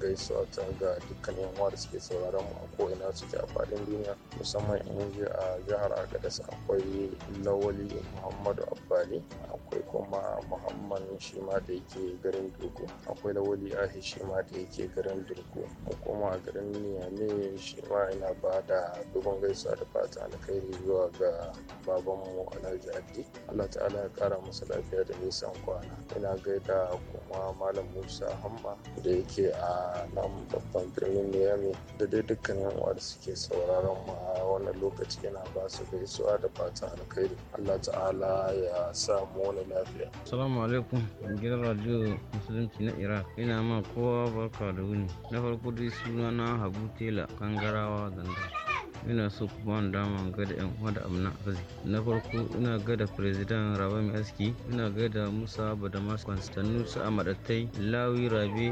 [SPEAKER 7] gaisuwa ta ga dukkan yanwa da suke sauraron mu a ko'ina suke a faɗin duniya musamman in je a jihar agadas akwai lawali muhammadu abbali akwai kuma muhammad shi ma da yake garin durku akwai lawali ahi shi ma da yake garin durku kuma garin niyame shi ma ina ba da dubin gaisuwa da fata kai zuwa ga babanmu alhaji addi allah ta'ala ya kara masa lafiya da nisan kwana ina gaida kuma malam musa hamma da yake a nan babban birnin Miami da dai dukkanin yan da suke sauraron mu a wannan lokaci yana ba su gaisuwa da fatan alkhairi. Allah ta'ala ya sa mu wani lafiya.
[SPEAKER 8] Assalamu alaikum gidan radio musulunci na Iraq ina ma kowa barka da wuni na farko dai sunana Habu Tela Kangarawa Zanzibar. ina so ku ba ni dama gada yan uwa da amna arziki na farko ina gada president raba mai aski ina gada musa badamas konstantinus amadattai lawi rabe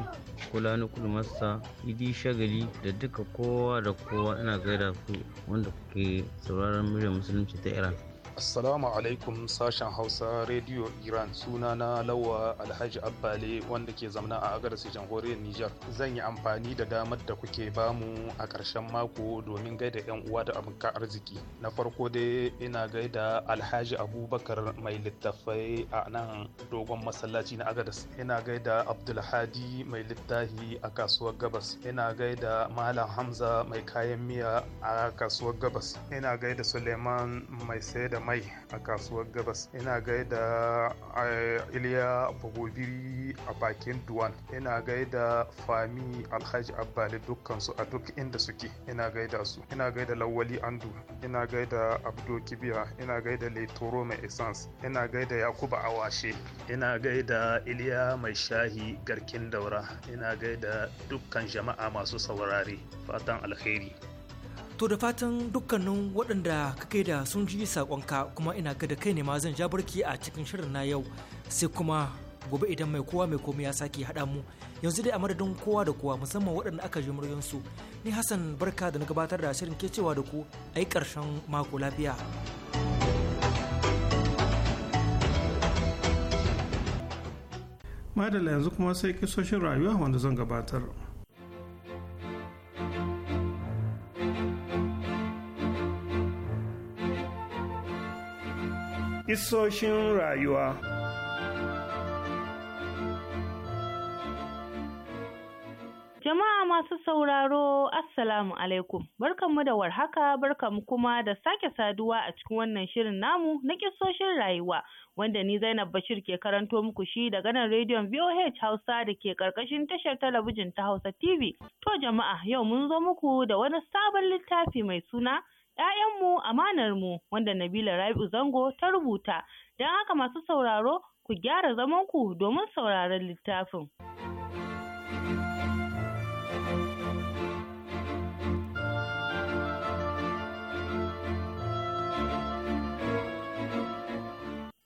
[SPEAKER 8] kulani kulmasta idi shagali da duka kowa da kowa ina gaida ku wanda kuke sauraron muryar musulunci ta iran
[SPEAKER 1] Assalamu alaikum sashen Hausa Radio Iran suna na Lawa Alhaji Abbale wanda ke zamana a agarsu jamhuriyar Nijar. Zan yi amfani da damar da kuke bamu a ƙarshen mako domin gaida 'yan uwa da ka arziki. Na farko dai ina gaida Alhaji Abubakar mai littafai a nan dogon masallaci na agadas. Ina gaida Abdulhadi mai littafi a kasuwar gabas. Ina gaida Malam Hamza mai kayan miya a kasuwar gabas. Ina gaida Suleiman mai sayar da mai a kasuwar gabas ina gaida eh,
[SPEAKER 7] iliya bugobiri a bakin duwan ina gaida fami alhaji abbali dukkansu a duk inda suke ina gaida su ina gaida lawali andu ina
[SPEAKER 1] gaida abdo kibiya ina gaida letoro mai essence ina gaida yakuba awashe
[SPEAKER 5] ina gaida iliya mai shahi garkin daura ina gaida dukkan jama'a masu saurare fatan alheri
[SPEAKER 4] To da fatan dukkanin waɗanda kake da sun ji saƙonka kuma ina ga da kai ne ma zan ja barki a cikin shirin na yau sai kuma gobe idan mai kowa mai komai ya sake haɗa mu yanzu dai a madadin kowa da kowa musamman waɗanda aka ji muryansu ni Hassan barka da na gabatar da shirin cewa da ku a yi ƙarshen mako lafiya.
[SPEAKER 1] madala yanzu kuma sai kisoshin rayuwa wanda zan gabatar. Isoshin rayuwa
[SPEAKER 10] Jama'a masu sauraro, Assalamu alaikum, barkanmu da warhaka, barkanmu kuma da sake saduwa a cikin wannan shirin namu na kisoshin rayuwa, wanda ni Zainab Bashir ke karanto muku shi daga nan rediyon VOH Hausa da ke karkashin tashar talabijin ta Hausa TV. To jama'a, yau mun zo muku da wani sabon littafi mai suna ‘Ya'yanmu amanarmu wanda Nabila Rabi'u Zango ta rubuta, don haka masu sauraro ku gyara zamanku domin sauraron littafin.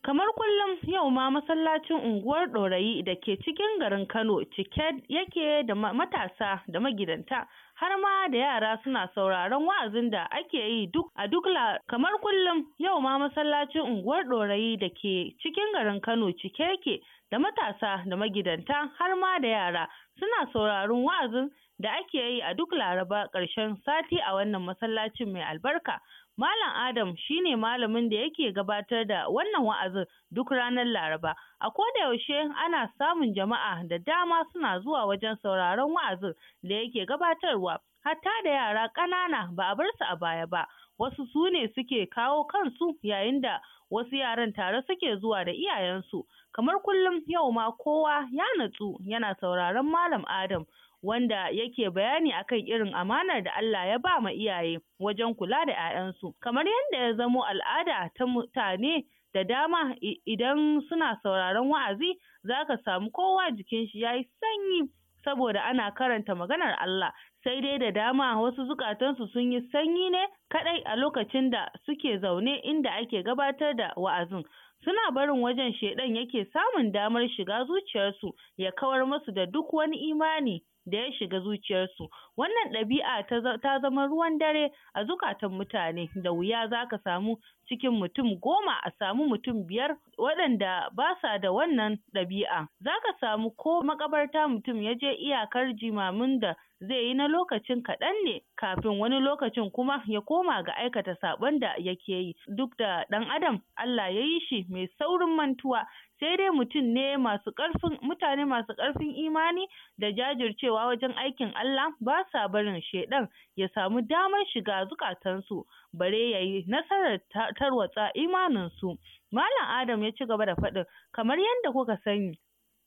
[SPEAKER 10] Kamar kullum yau ma masallacin unguwar Ɗorayi da ke cikin garin Kano cike yake da matasa da magidanta har ma da yara suna sauraron wa'azin da ake yi duk a duk la kamar kullum yau ma masallacin unguwar Ɗorayi da ke cikin garin Kano cike yake da matasa da magidanta har ma da yara suna sauraron wa'azin da ake yi a duk laraba ƙarshen sati a wannan masallacin mai albarka. Malam Adam shi ne malamin da yake gabatar da wannan wa'azin duk ranar Laraba. A yaushe ana samun jama'a da dama suna zuwa wajen sauraron wa'azin da yake gabatarwa, hatta da yara ƙanana ba a bar su a baya ba. Wasu su ne suke kawo kansu yayin da wasu yaran tare suke zuwa da iyayensu. Kamar kullum yau ma kowa ya natsu yana sauraron Malam Adam. wanda yake bayani akan irin amanar da Allah ya ba ma iyaye wajen kula da 'ya'yansu kamar yadda ya zamo al'ada ta mutane da dama idan suna sauraron wa'azi za ka samu kowa jikin shi ya yi sanyi saboda ana karanta maganar Allah sai dai da dama wasu zukatansu sun yi sanyi ne kadai a lokacin da suke zaune inda ake gabatar da wa'azin suna barin wajen shaidan yake samun damar shiga zuciyarsu ya kawar musu da duk wani imani da ya shiga zuciyarsu Wannan ɗabi'a ta zama ruwan dare a zukatan mutane, da wuya za ka samu cikin mutum goma a samu mutum biyar waɗanda ba sa da wannan ɗabi'a. Za ka samu ko makabarta mutum ya je iyakar jimamin da zai yi na lokacin kaɗan ne kafin wani lokacin kuma ya koma ga aikata saɓon da yake yi. Duk da ɗan adam Allah ya yi shi mai saurin mantuwa sai dai mutum ne masu ƙarfin mutane masu ƙarfin imani da jajircewa wajen aikin Allah ba basa sa barin shaidan ya samu damar shiga zukatansu bare ya yi nasarar tarwatsa imaninsu. Malam Adam ya ci gaba da faɗin kamar yadda kuka sani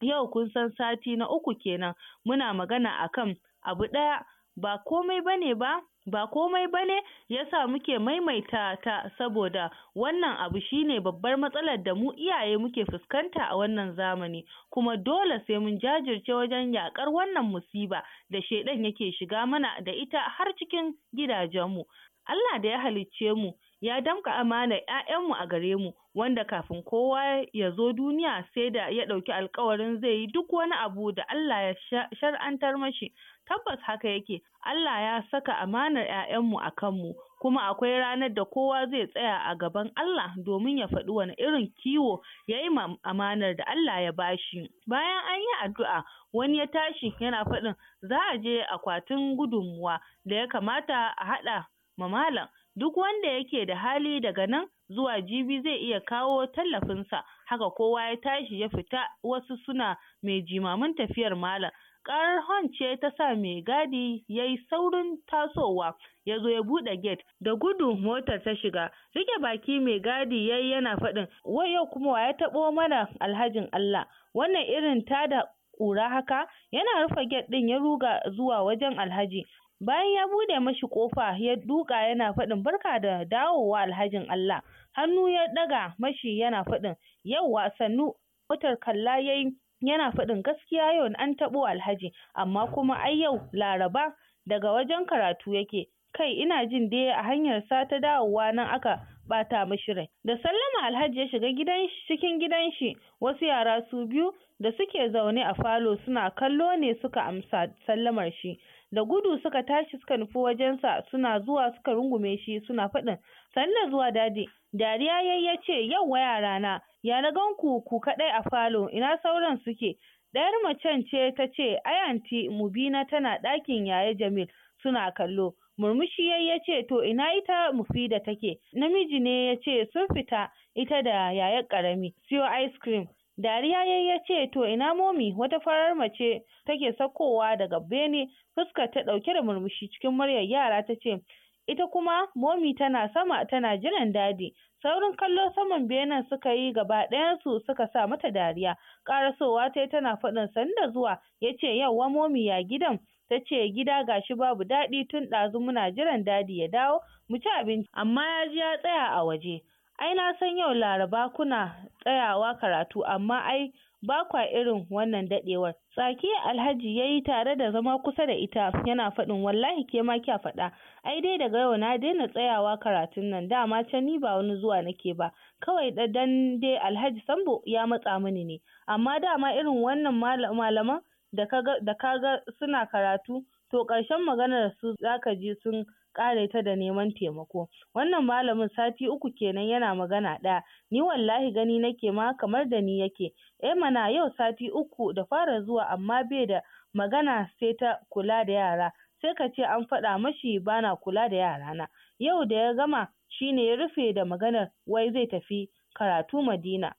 [SPEAKER 10] yau kun san sati na uku kenan muna magana akan abu ɗaya ba komai bane ba ba komai ba ne ya sa muke maimaita ta saboda wannan abu shine babbar matsalar da mu iyaye muke fuskanta a wannan zamani kuma dole sai mun jajirce wajen yaƙar wannan musiba da shaiɗan yake shiga mana da ita har cikin gidajenmu Allah da ya halicce mu ya damka amanar ‘ya'yanmu a gare mu wanda kafin kowa ya zo duniya sai da ya ɗauki alkawarin zai yi duk wani abu da Allah ya shar'antar mashi tabbas haka yake Allah ya saka amanar ‘ya'yanmu a kanmu kuma akwai ranar da kowa zai tsaya a gaban Allah domin ya faɗi wani irin kiwo ya yi amanar da Allah ya bashi bayan an yi addu'a wani ya tashi yana faɗin za a je akwatin gudunmuwa da ya kamata a haɗa malam. duk wanda yake da hali daga nan zuwa jibi zai iya kawo tallafinsa haka kowa ya tashi ya fita wasu suna mai jimamin tafiyar malam ƙarar hon ce ta sa mai gadi ya yi saurin tasowa ya zo ya buɗe gate da gudu motar ta shiga rike baki mai gadi ya yi yana faɗin wai yau kuma wa ya taɓo mana alhajin Allah wannan irin tada ƙura haka yana rufe gate ɗin ya ruga zuwa wajen alhaji Bayan ya bude mashi ƙofa ya duka yana faɗin barka da dawowa alhajin Allah. Hannu ya daga mashi yana faɗin yauwa sannu motar kalla yayi yana faɗin gaskiya yau an taɓo alhaji amma kuma ai yau laraba daga wajen karatu yake kai ina jin dai a hanyar sa ta dawowa nan aka bata mashi rai da sallama alhaji ya shiga gidan cikin gidan shi wasu yara su biyu da suke zaune a falo suna kallo ne suka amsa sallamar shi da gudu suka tashi suka nufi wajensa suna zuwa suka rungume shi suna faɗin sannan zuwa dadi dariya yayi ya ce yauwa na ya na gan ku ku kaɗai a falo ina sauran suke ɗayar macen ce ta ce ai anti mubina tana ɗakin yaya jamil suna kallo murmushi yayi ya ce to ina ita da take namiji ne ya ce sun fita ita da yaya ƙarami siyo ice cream Dariya yayi ya ce to ina momi wata farar mace take sakowa daga bene fuska ta dauke da murmushi cikin muryar yara ta ce ita kuma momi tana sama tana jiran dadi saurin kallo saman benen suka yi gaba ɗayansu suka sa mata dariya karasowa ta tana faɗin sanda zuwa yace ce yauwa momi ya gidan ta ce gida gashi babu daɗi tun ɗazu muna jiran dadi ya dawo mu ci abinci amma ya ji ya tsaya a waje Ai na san yau Laraba kuna tsayawa karatu amma ai ba kwa irin wannan dadewar. Tsaki Alhaji ya yi tare da zama kusa da ita yana faɗin wallahi ke ma kya faɗa. Ai dai daga yau na daina tsayawa karatun nan dama can ni ba wani zuwa nake ba. Kawai da dan dai Alhaji Sambo ya matsa mini ne. Amma dama irin wannan malaman da kaga suna karatu to ƙarshen maganar su zaka ji sun kare ta da neman taimako wannan malamin sati uku kenan yana magana ɗaya ni wallahi gani nake ma kamar da ni yake eh mana yau sati uku da fara zuwa amma bai da magana sai ta kula da yara sai ka ce an faɗa mashi bana kula da yara na yau da ya gama shine ya rufe da maganar wai zai tafi karatu madina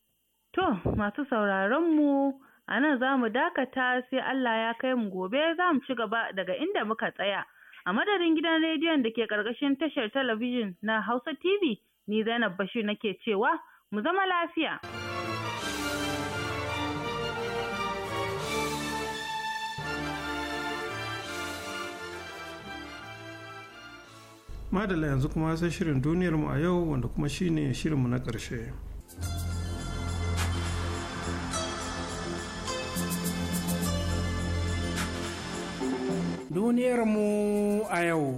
[SPEAKER 10] to masu sauraron mu a nan za mu dakata sai Allah ya kai mu gobe za mu ci gaba daga inda muka tsaya A madadin gidan rediyon da ke ƙarƙashin tashar talabijin na Hausa TV, ni Zainab Bashir nake cewa mu zama lafiya.
[SPEAKER 1] madala yanzu kuma sai shirin duniyarmu a yau wanda kuma shine shirinmu na ƙarshe.
[SPEAKER 11] duniyarmu a yau.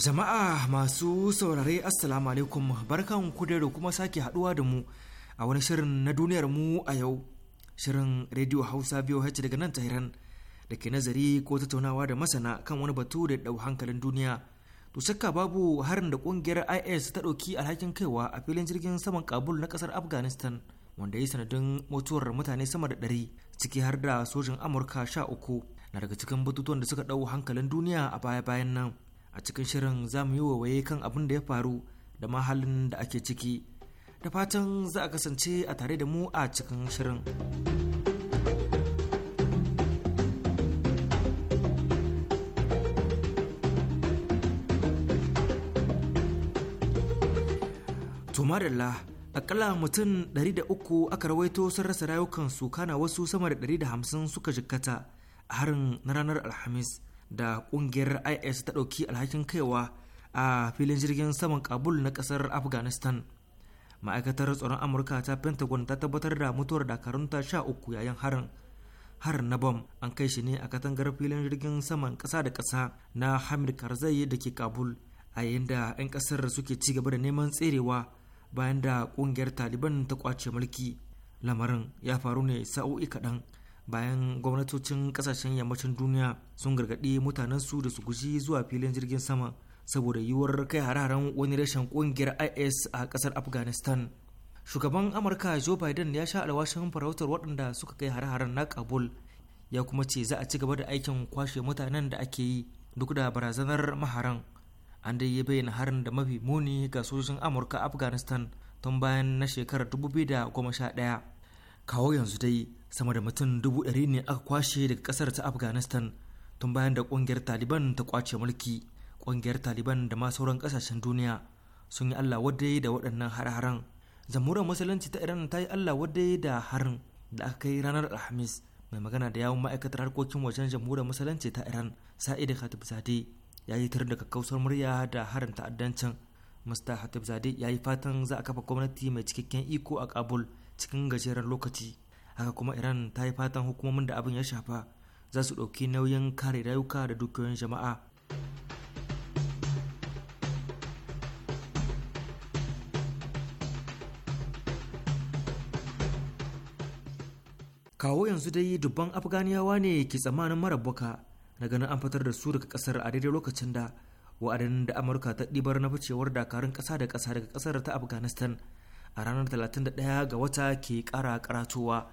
[SPEAKER 4] Jama'a masu saurare Assalamu alaikum barkan ku da kuma sake haduwa da mu a wani shirin na duniyarmu a yau. Shirin Radio Hausa hace daga nan Tahiran da ke nazari ko tattaunawa da masana kan wani batu da ɗau hankalin duniya. To shakka babu harin da kungiyar IS ta ɗauki alhakin kaiwa a filin jirgin saman Kabul na ƙasar Afghanistan. wanda ya sanadin mutuwar mutane sama da ɗari ciki har da sojin amurka sha uku na daga cikin batutuwan da suka ɗau hankalin duniya a baya-bayan nan a cikin shirin za mu yi wawaye kan abin da ya faru da mahalin da ake ciki da fatan za a kasance a tare da mu a cikin shirin to madalla akalla mutum 300 aka rawaito sun rasa rayukansu kana wasu sama da 150 suka jikkata a harin na ranar alhamis da kungiyar is ta ɗauki alhakin kaiwa a filin jirgin saman kabul na ƙasar afghanistan ma'aikatar tsaron amurka ta pentagon ta tabbatar da mutuwar dakarunta 13 yayin harin harin na bom an kai shi ne a katangar filin jirgin saman kasa da kasa na hamid karzai da ke kabul a yayin da 'yan ƙasar suke ci gaba da neman tserewa bayan da kungiyar taliban ta kwace mulki lamarin ya faru ne sa'o'i kaɗan bayan gwamnatocin ƙasashen yammacin duniya sun gargaɗi mutanensu da su guji zuwa filin jirgin sama saboda yiwuwar kai hararen wani rashin ƙungiyar is a ƙasar afghanistan shugaban amurka joe biden ya sha alwashin farautar waɗanda suka kai hare-haren na kabul ya kuma ce za a ci gaba da aikin kwashe mutanen da ake yi duk da barazanar maharan an dai ya bayyana harin da mafi muni ga sojojin amurka afghanistan tun bayan na shekarar 2011 kawo yanzu dai sama da mutum dubu ɗari ne aka kwashe daga kasar ta afghanistan tun bayan da ƙungiyar taliban ta kwace mulki ƙungiyar taliban da ma sauran ƙasashen duniya sun yi allah wadai da waɗannan har-haren jamhuriyar musulunci ta iran ta yi allah wadai da harin da aka kai ranar alhamis mai magana da yawon ma'aikatar harkokin wajen jamhuriyar musulunci ta iran sa'id khatib zade ya yi tar da kakkausar murya da harin ta'addancin mista hatib zade ya yi fatan za a kafa gwamnati mai cikakken iko a kabul cikin gajeren lokaci haka kuma iran ta yi fatan hukumomin da abin ya shafa za su ɗauki nauyin kare rayuka da dukiyoyin jama'a kawo yanzu dai dubban afganiyawa ne ke tsammanin marabuka na ganin an fitar da su daga kasar a daidai lokacin da wa'adin da amurka ta ɗibar na ficewar dakarun ƙasa da ƙasa daga ƙasar ta afghanistan a ranar 31 ga wata ke ƙara karatowa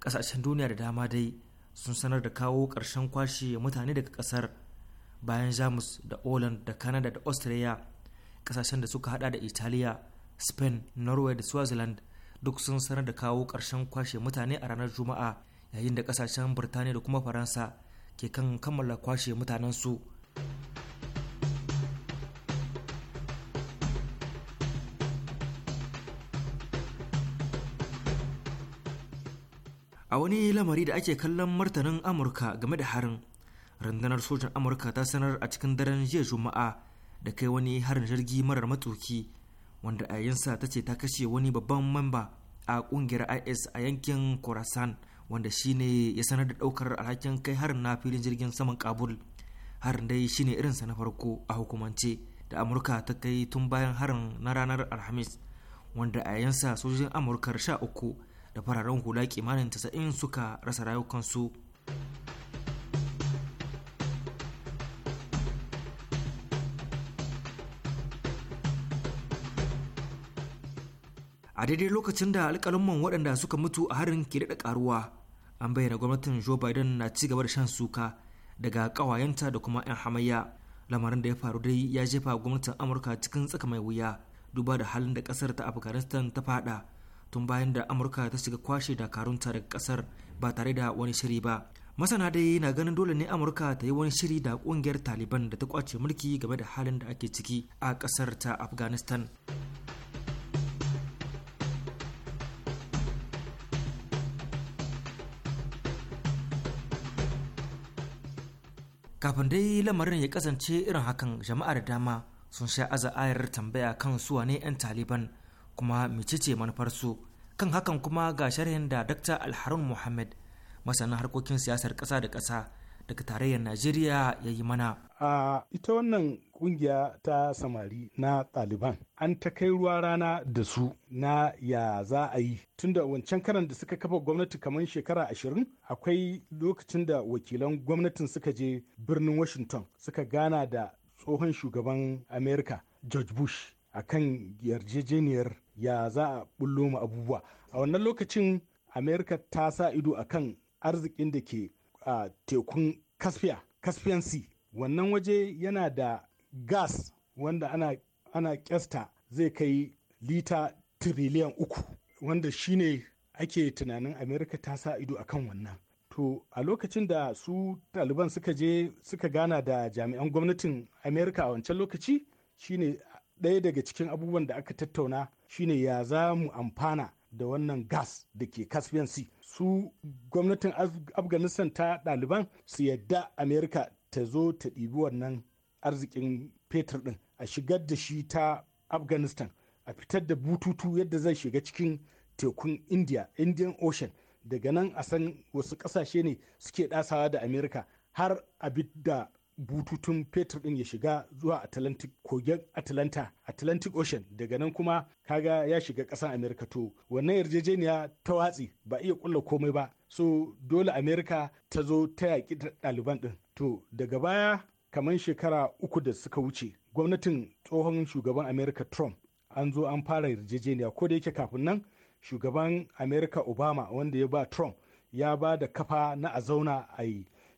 [SPEAKER 4] ƙasashen duniya da dama dai sun sanar da kawo ƙarshen kwashe mutane daga ƙasar bayan jamus da oland da canada da australia ƙasashen da suka haɗa da italiya spain norway da swaziland duk sun sanar da kawo ƙarshen kwashe mutane a ranar juma'a yayin da ƙasashen birtaniya da kuma faransa ke kan kammala kwashe mutanen su a wani lamari da ake kallon martanin amurka game da harin rundunar sojan amurka ta sanar a cikin daren jiya juma'a da kai wani harin jirgi marar matuki wanda a yansa ta ce ta kashe wani babban mamba a kungiyar is a yankin khorasan wanda shine ya sanar da daukar alhakin kai harin na filin jirgin saman kabul harin dai shine irinsa na farko a hukumance da amurka ta kai tun bayan harin na ranar alhamis wanda a yayansa sojojin amurka sha uku da fararen hula kimanin tasa'in suka rasa rayukansu a daidai lokacin da alƙalumman waɗanda suka mutu a harin ke daɗa ƙaruwa an bayyana gwamnatin joe biden na ci gaba da shan suka daga kawayenta da kuma 'yan hamayya lamarin da ya faru dai ya jefa gwamnatin amurka cikin tsaka mai wuya duba da halin da kasar ta afghanistan ta fada tun bayan da amurka ta shiga kwashe dakarunta daga kasar ba tare da wani shiri ba masana dai na ganin dole ne amurka ta yi wani shiri da kungiyar taliban da ta kwace mulki game da halin da ake ciki a kasar ta afghanistan kafin dai lamarin ya kasance irin hakan jama'a da dama sun sha aza ayar tambaya kan su ne 'yan taliban kuma mecece manufarsu kan hakan kuma ga sharhin da dr alharun muhammad masanin harkokin siyasar ƙasa da ƙasa daga tarayyar najeriya ya yi mana
[SPEAKER 11] ita wannan ƙungiya ta samari na ɗaliban an ta kai ruwa rana da su na ya za a yi tunda wancan karan da suka kafa gwamnati kamar shekara ashirin akwai lokacin da wakilan gwamnatin suka je birnin washington suka gana da tsohon shugaban america george bush a kan yarjejeniyar ya za a bullo mu abubuwa a wannan lokacin america ta sa ido a kan arzikin da ke a tekun caspia caspian sea wannan waje yana da gas wanda ana ana kyasta zai kai lita tiriliyan uku wanda shine ake tunanin amerika ta sa ido a kan wannan to a lokacin da su taliban suka je suka gana da jami'an gwamnatin amerika a wancan lokaci shine ɗaya daga cikin abubuwan da aka tattauna shine ya za mu amfana da wannan gas da ke caspian sea su gwamnatin afghanistan ta ɗaliban su yadda amerika ta zo ta ɗibi wannan arzikin fetur din a shigar da shi ta afghanistan a fitar da bututu yadda zai shiga cikin tekun india indian ocean daga nan a san wasu kasashe ne suke dasawa da america har a da bututun fetur din ya shiga zuwa atlantic kogin atlanta atlantic ocean daga nan kuma kaga ya shiga ƙasar america to wannan yarjejeniya ta watsi ba iya kulla komai ba so dole america ta zo ta yaƙi ɗaliban din to daga baya kamar shekara uku da suka wuce gwamnatin tsohon shugaban america trump an zo an fara yarjejeniya ko da yake kafin nan shugaban america obama wanda ya ba trump ya ba da kafa na a zauna a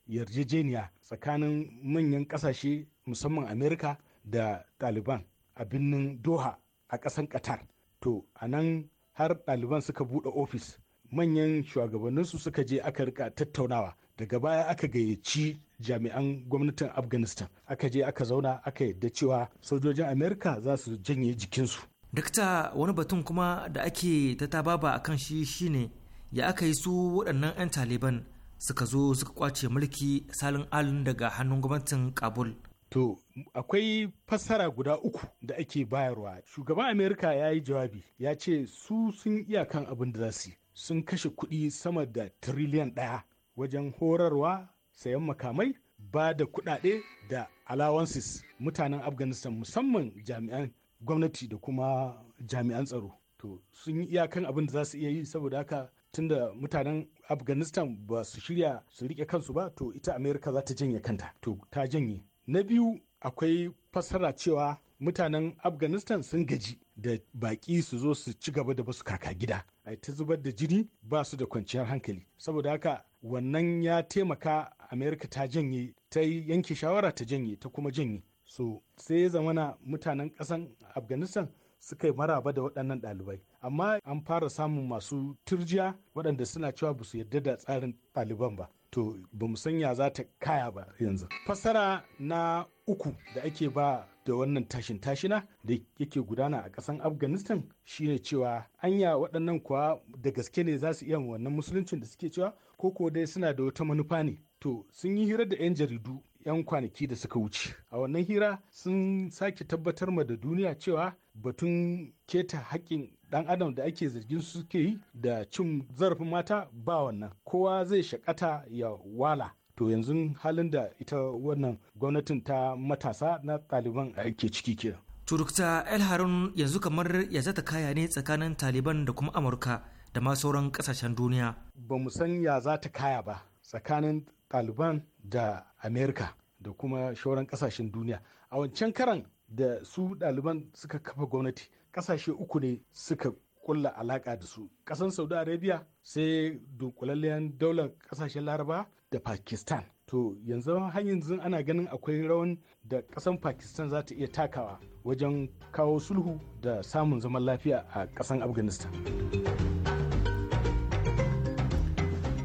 [SPEAKER 11] yarjejeniya tsakanin manyan kasashe musamman america da taliban a birnin doha a ƙasan qatar to a nan har ɗaliban suka buɗe ofis manyan shugabanninsu suka je aka rika tattaunawa daga baya aka gayyaci jami'an gwamnatin afghanistan aka je aka zauna aka yadda cewa sojojin amerika za su janye jikinsu
[SPEAKER 4] dakta wani batun kuma da ake ta tababa a kan shi shine ya aka yi su waɗannan 'yan taliban suka zo suka kwace mulki salin alin daga hannun gwamnatin kabul To,
[SPEAKER 11] akwai fassara guda uku da ake bayarwa. Shugaban Amerika ya yi jawabi, ya ce su sun kan abin da za su yi. Sun kashe kuɗi sama da tiriliyan ɗaya wajen horarwa sayan makamai ba da kuɗaɗe da allowances mutanen afghanistan musamman jami'an gwamnati da kuma jami'an tsaro to sun yi iyakan abin da za su iya yi saboda haka tun da mutanen afghanistan ba su shirya su rike kansu ba to ita amerika za ta janye kanta to ta janye na biyu akwai fassara cewa mutanen afghanistan sun gaji da baƙi su zo su ci gaba da basu kaka gida a ta zubar da jini ba su da kwanciyar hankali saboda haka wannan ya taimaka amerika ta janye ta yanke shawara ta janye ta kuma janye so sai ya zamana mutanen kasan afghanistan suka yi maraba da waɗannan ɗalibai amma an fara samun masu turjiya waɗanda suna cewa ba su yarda da tsarin ɗaliban ba to ba mu sanya za ta kaya ba yanzu fasara na uku da ake ba da wannan tashin tashina da yake gudana a kasan afghanistan shine cewa anya waɗannan kuwa da gaske ne za su iya wannan musuluncin da suke cewa ko ko dai suna da wata manufa ne to sun yi hira da 'yan jaridu 'yan kwanaki da suka wuce a wannan hira sun sake tabbatar ma da duniya cewa batun keta haƙƙin ɗan adam da ake zargin su suke yi da cin zarafin mata ba wannan kowa zai shakata ya wala to yanzu halin da ita wannan gwamnatin ta matasa na ɗaliban a ke ciki kira
[SPEAKER 4] turukta el harun yanzu kamar ya zata kaya ne tsakanin taliban da kuma amurka da ma sauran kasashen duniya.
[SPEAKER 11] Ba mu san ya za ta kaya ba tsakanin ɗaliban da Amerika da kuma sauran kasashen duniya. A wancan karan da su ɗaliban suka kafa gwamnati kasashe uku ne suka kulla alaƙa da su. Ƙasan Saudi Arabia sai dunkulallen daular kasashen Laraba da Pakistan. To yanzu hanyar yanzu ana ganin akwai rawan da ƙasan Pakistan za ta iya takawa wajen kawo sulhu da samun zaman lafiya a ƙasan Afghanistan.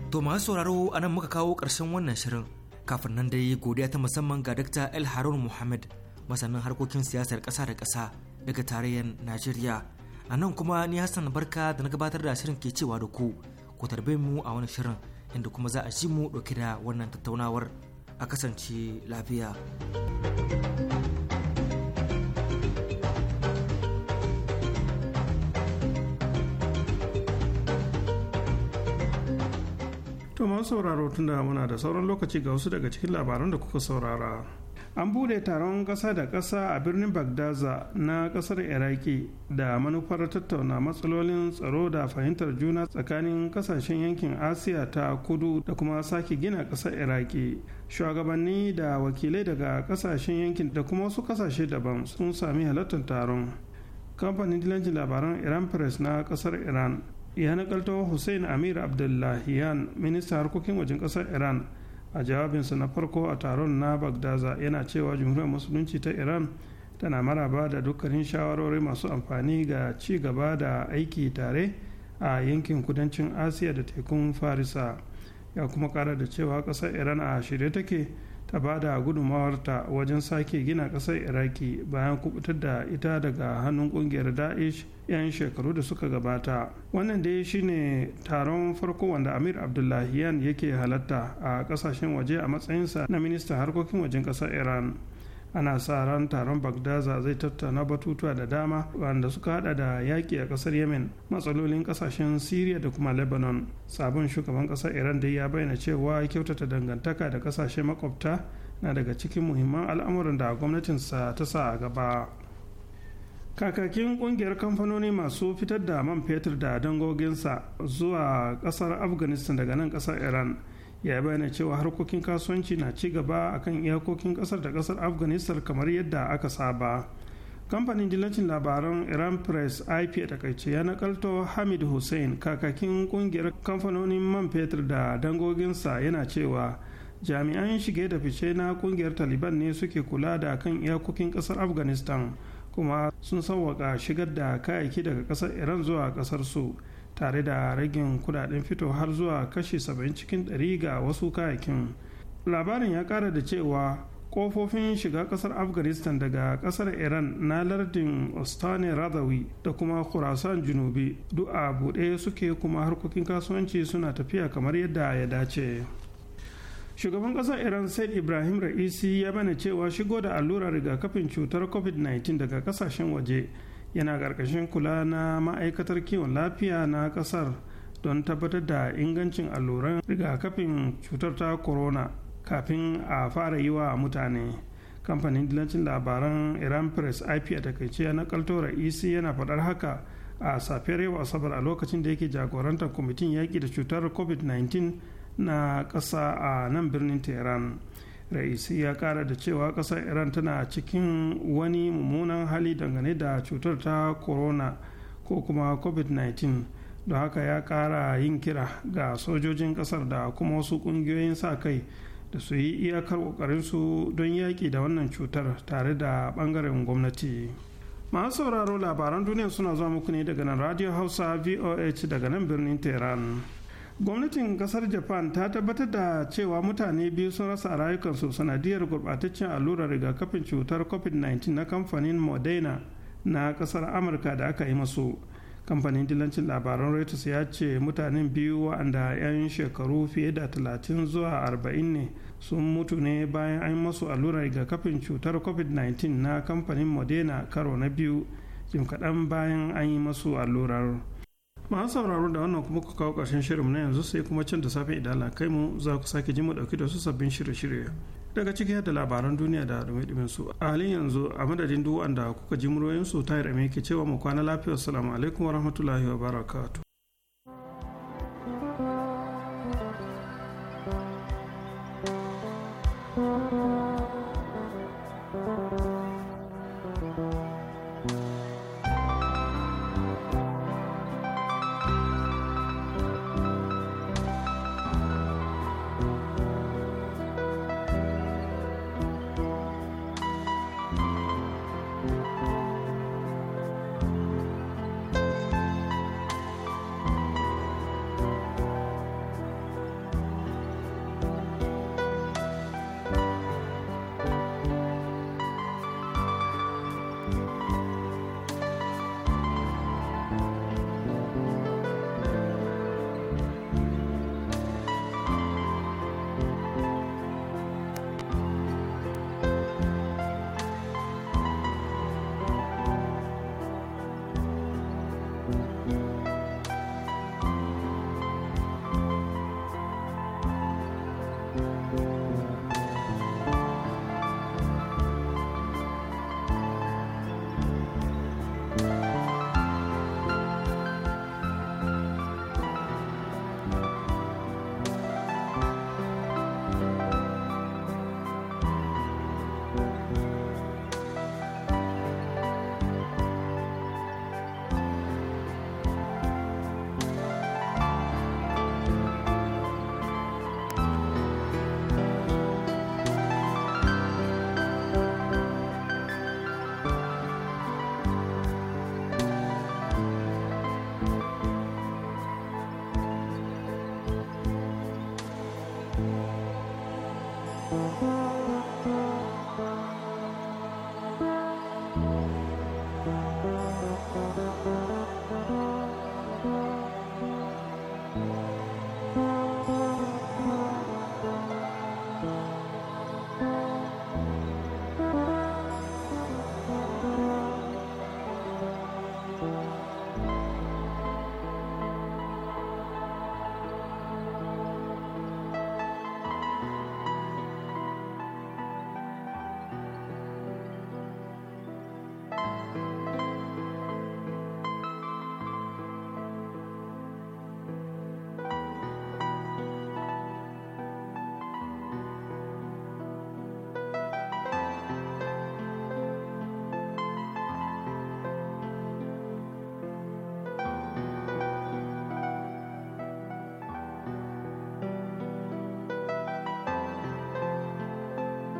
[SPEAKER 11] To masu sauraro a nan
[SPEAKER 4] muka kawo karshen wannan shirin kafin nan dai godiya ta musamman ga Dr. El Harun Muhammad masanin harkokin siyasar kasa da kasa daga tarayyar Najeriya. A nan kuma ni Hassan Barka da na gabatar da shirin ke cewa da ku ku tarbe mu a wani shirin inda kuma za a ji mu ɗauke da wannan tattaunawar a kasance lafiya.
[SPEAKER 1] to masu sauraro tunda muna da sauran lokaci ga wasu daga cikin labaran da kuka saurara an bude taron ƙasa da ƙasa a birnin bagdaza na ƙasar iraki da manufar tattauna matsalolin tsaro da fahimtar juna tsakanin ƙasashen yankin asiya ta kudu da kuma sake gina ƙasar iraki shugabanni da wakilai daga ƙasashen yankin da kuma wasu ƙasashe daban sun sami halartar taron kamfanin dilancin labaran iran press na ƙasar iran ya nakalto hussein amir abdullahiyan minista harkokin wajen kasar iran a jawabinsa na farko a taron na bagdaza yana cewa jumhuriyar musulunci ta iran tana maraba da dukkanin shawarori masu amfani ga ci gaba da aiki tare a yankin kudancin asiya da tekun farisa ya kuma kara da cewa kasar iran a shirye take ta ba da gudunmawarta wajen sake gina ƙasar iraki bayan kubutar da ita daga hannun kungiyar daesh 'yan shekaru da suka gabata wannan dai shine taron farko wanda amir abdullahiyan yake halatta a ƙasashen waje a matsayinsa na ministan harkokin wajen ƙasar iran ana sa ran taron bagdaza zai tattauna batutuwa da dama wanda suka hada da yaƙi a ƙasar yemen matsalolin ƙasashen syria da kuma lebanon sabon shugaban ƙasar iran dai ya bayyana cewa kyautata dangantaka da ƙasashe makwabta na daga cikin muhimman al'amuran da gwamnatinsa ta sa a gaba kakakin kungiyar kamfanoni masu fitar da man fetur da dangoginsa zuwa kasar afghanistan daga nan kasar iran ya bayyana cewa harkokin kasuwanci na ci gaba akan iyakokin kasar da kasar afghanistan kamar yadda aka saba kamfanin dillacin labaran iran press ip a takaice ya nakalto hamid hussein kakakin kungiyar kamfanonin man fetur da dangoginsa yana cewa jami'an shige da fice na kungiyar taliban ne suke kula da kan iyakokin kasar afghanistan kuma sun sauwaka shigar da kayayyaki daga kasar iran zuwa kasar su tare da ragin kudaden fito har zuwa kashi 70 cikin 100 ga wasu kayakin labarin ya kara da cewa kofofin shiga kasar afghanistan daga kasar iran na lardin ostani radawi da kuma kurasan junubi duk a buɗe suke kuma harkokin kasuwanci suna tafiya kamar yadda ya dace shugaban kasar iran said ibrahim ra'isi ya bane cewa shigo da allurar rigakafin cutar covid-19 daga kasashen waje yana ƙarƙashin kula na ma'aikatar kiwon lafiya na ƙasar don tabbatar da ingancin alluran rigakafin cutar ta corona kafin a fara yi wa mutane kamfanin dilancin labaran iran press ip a takaice ya nakalto ra'isi yana faɗar haka a safiyar yau asabar a lokacin da yake jagorantar kwamitin yaƙi da cutar covid-19 na ƙasa a nan birnin tehran raisi ya kara da cewa kasar iran tana cikin wani mummunan hali dangane da cutar ta corona ko kuma covid-19 don haka ya kara yin kira ga sojojin kasar da kuma wasu kungiyoyin sa kai da su yi iyakar kokarinsu don yaƙi da wannan cutar tare da bangaren gwamnati masu sauraro labaran duniya suna zuwa muku ne daga nan radio hausa voh daga nan birnin tehran gwamnatin kasar japan ta tabbatar da cewa mutane biyu sun rasa rayukansu sanadiyar gurbataccen allurar rigakafin cutar covid-19 na kamfanin moderna na kasar amurka da aka yi masu kamfanin dilancin labaran reuters ya ce mutanen biyu wa'anda 'yan shekaru fiye da 30 zuwa 40 ne sun mutu ne bayan an masu allurar rigakafin cutar covid-19 na kamfanin moderna karo na biyu jim kaɗan bayan an yi masu allurar. masu sauraro da wannan kuma ku kawo ƙarshen shirin na yanzu sai kuma can da safe idan kai mu za ku sake ji mu ɗauki da su sabbin shirye-shirye daga ciki da labaran duniya da dumi su a halin yanzu a madadin duk wanda kuka ji muryoyin su tayar ke cewa mu kwana lafiya assalamu alaikum wa barakatu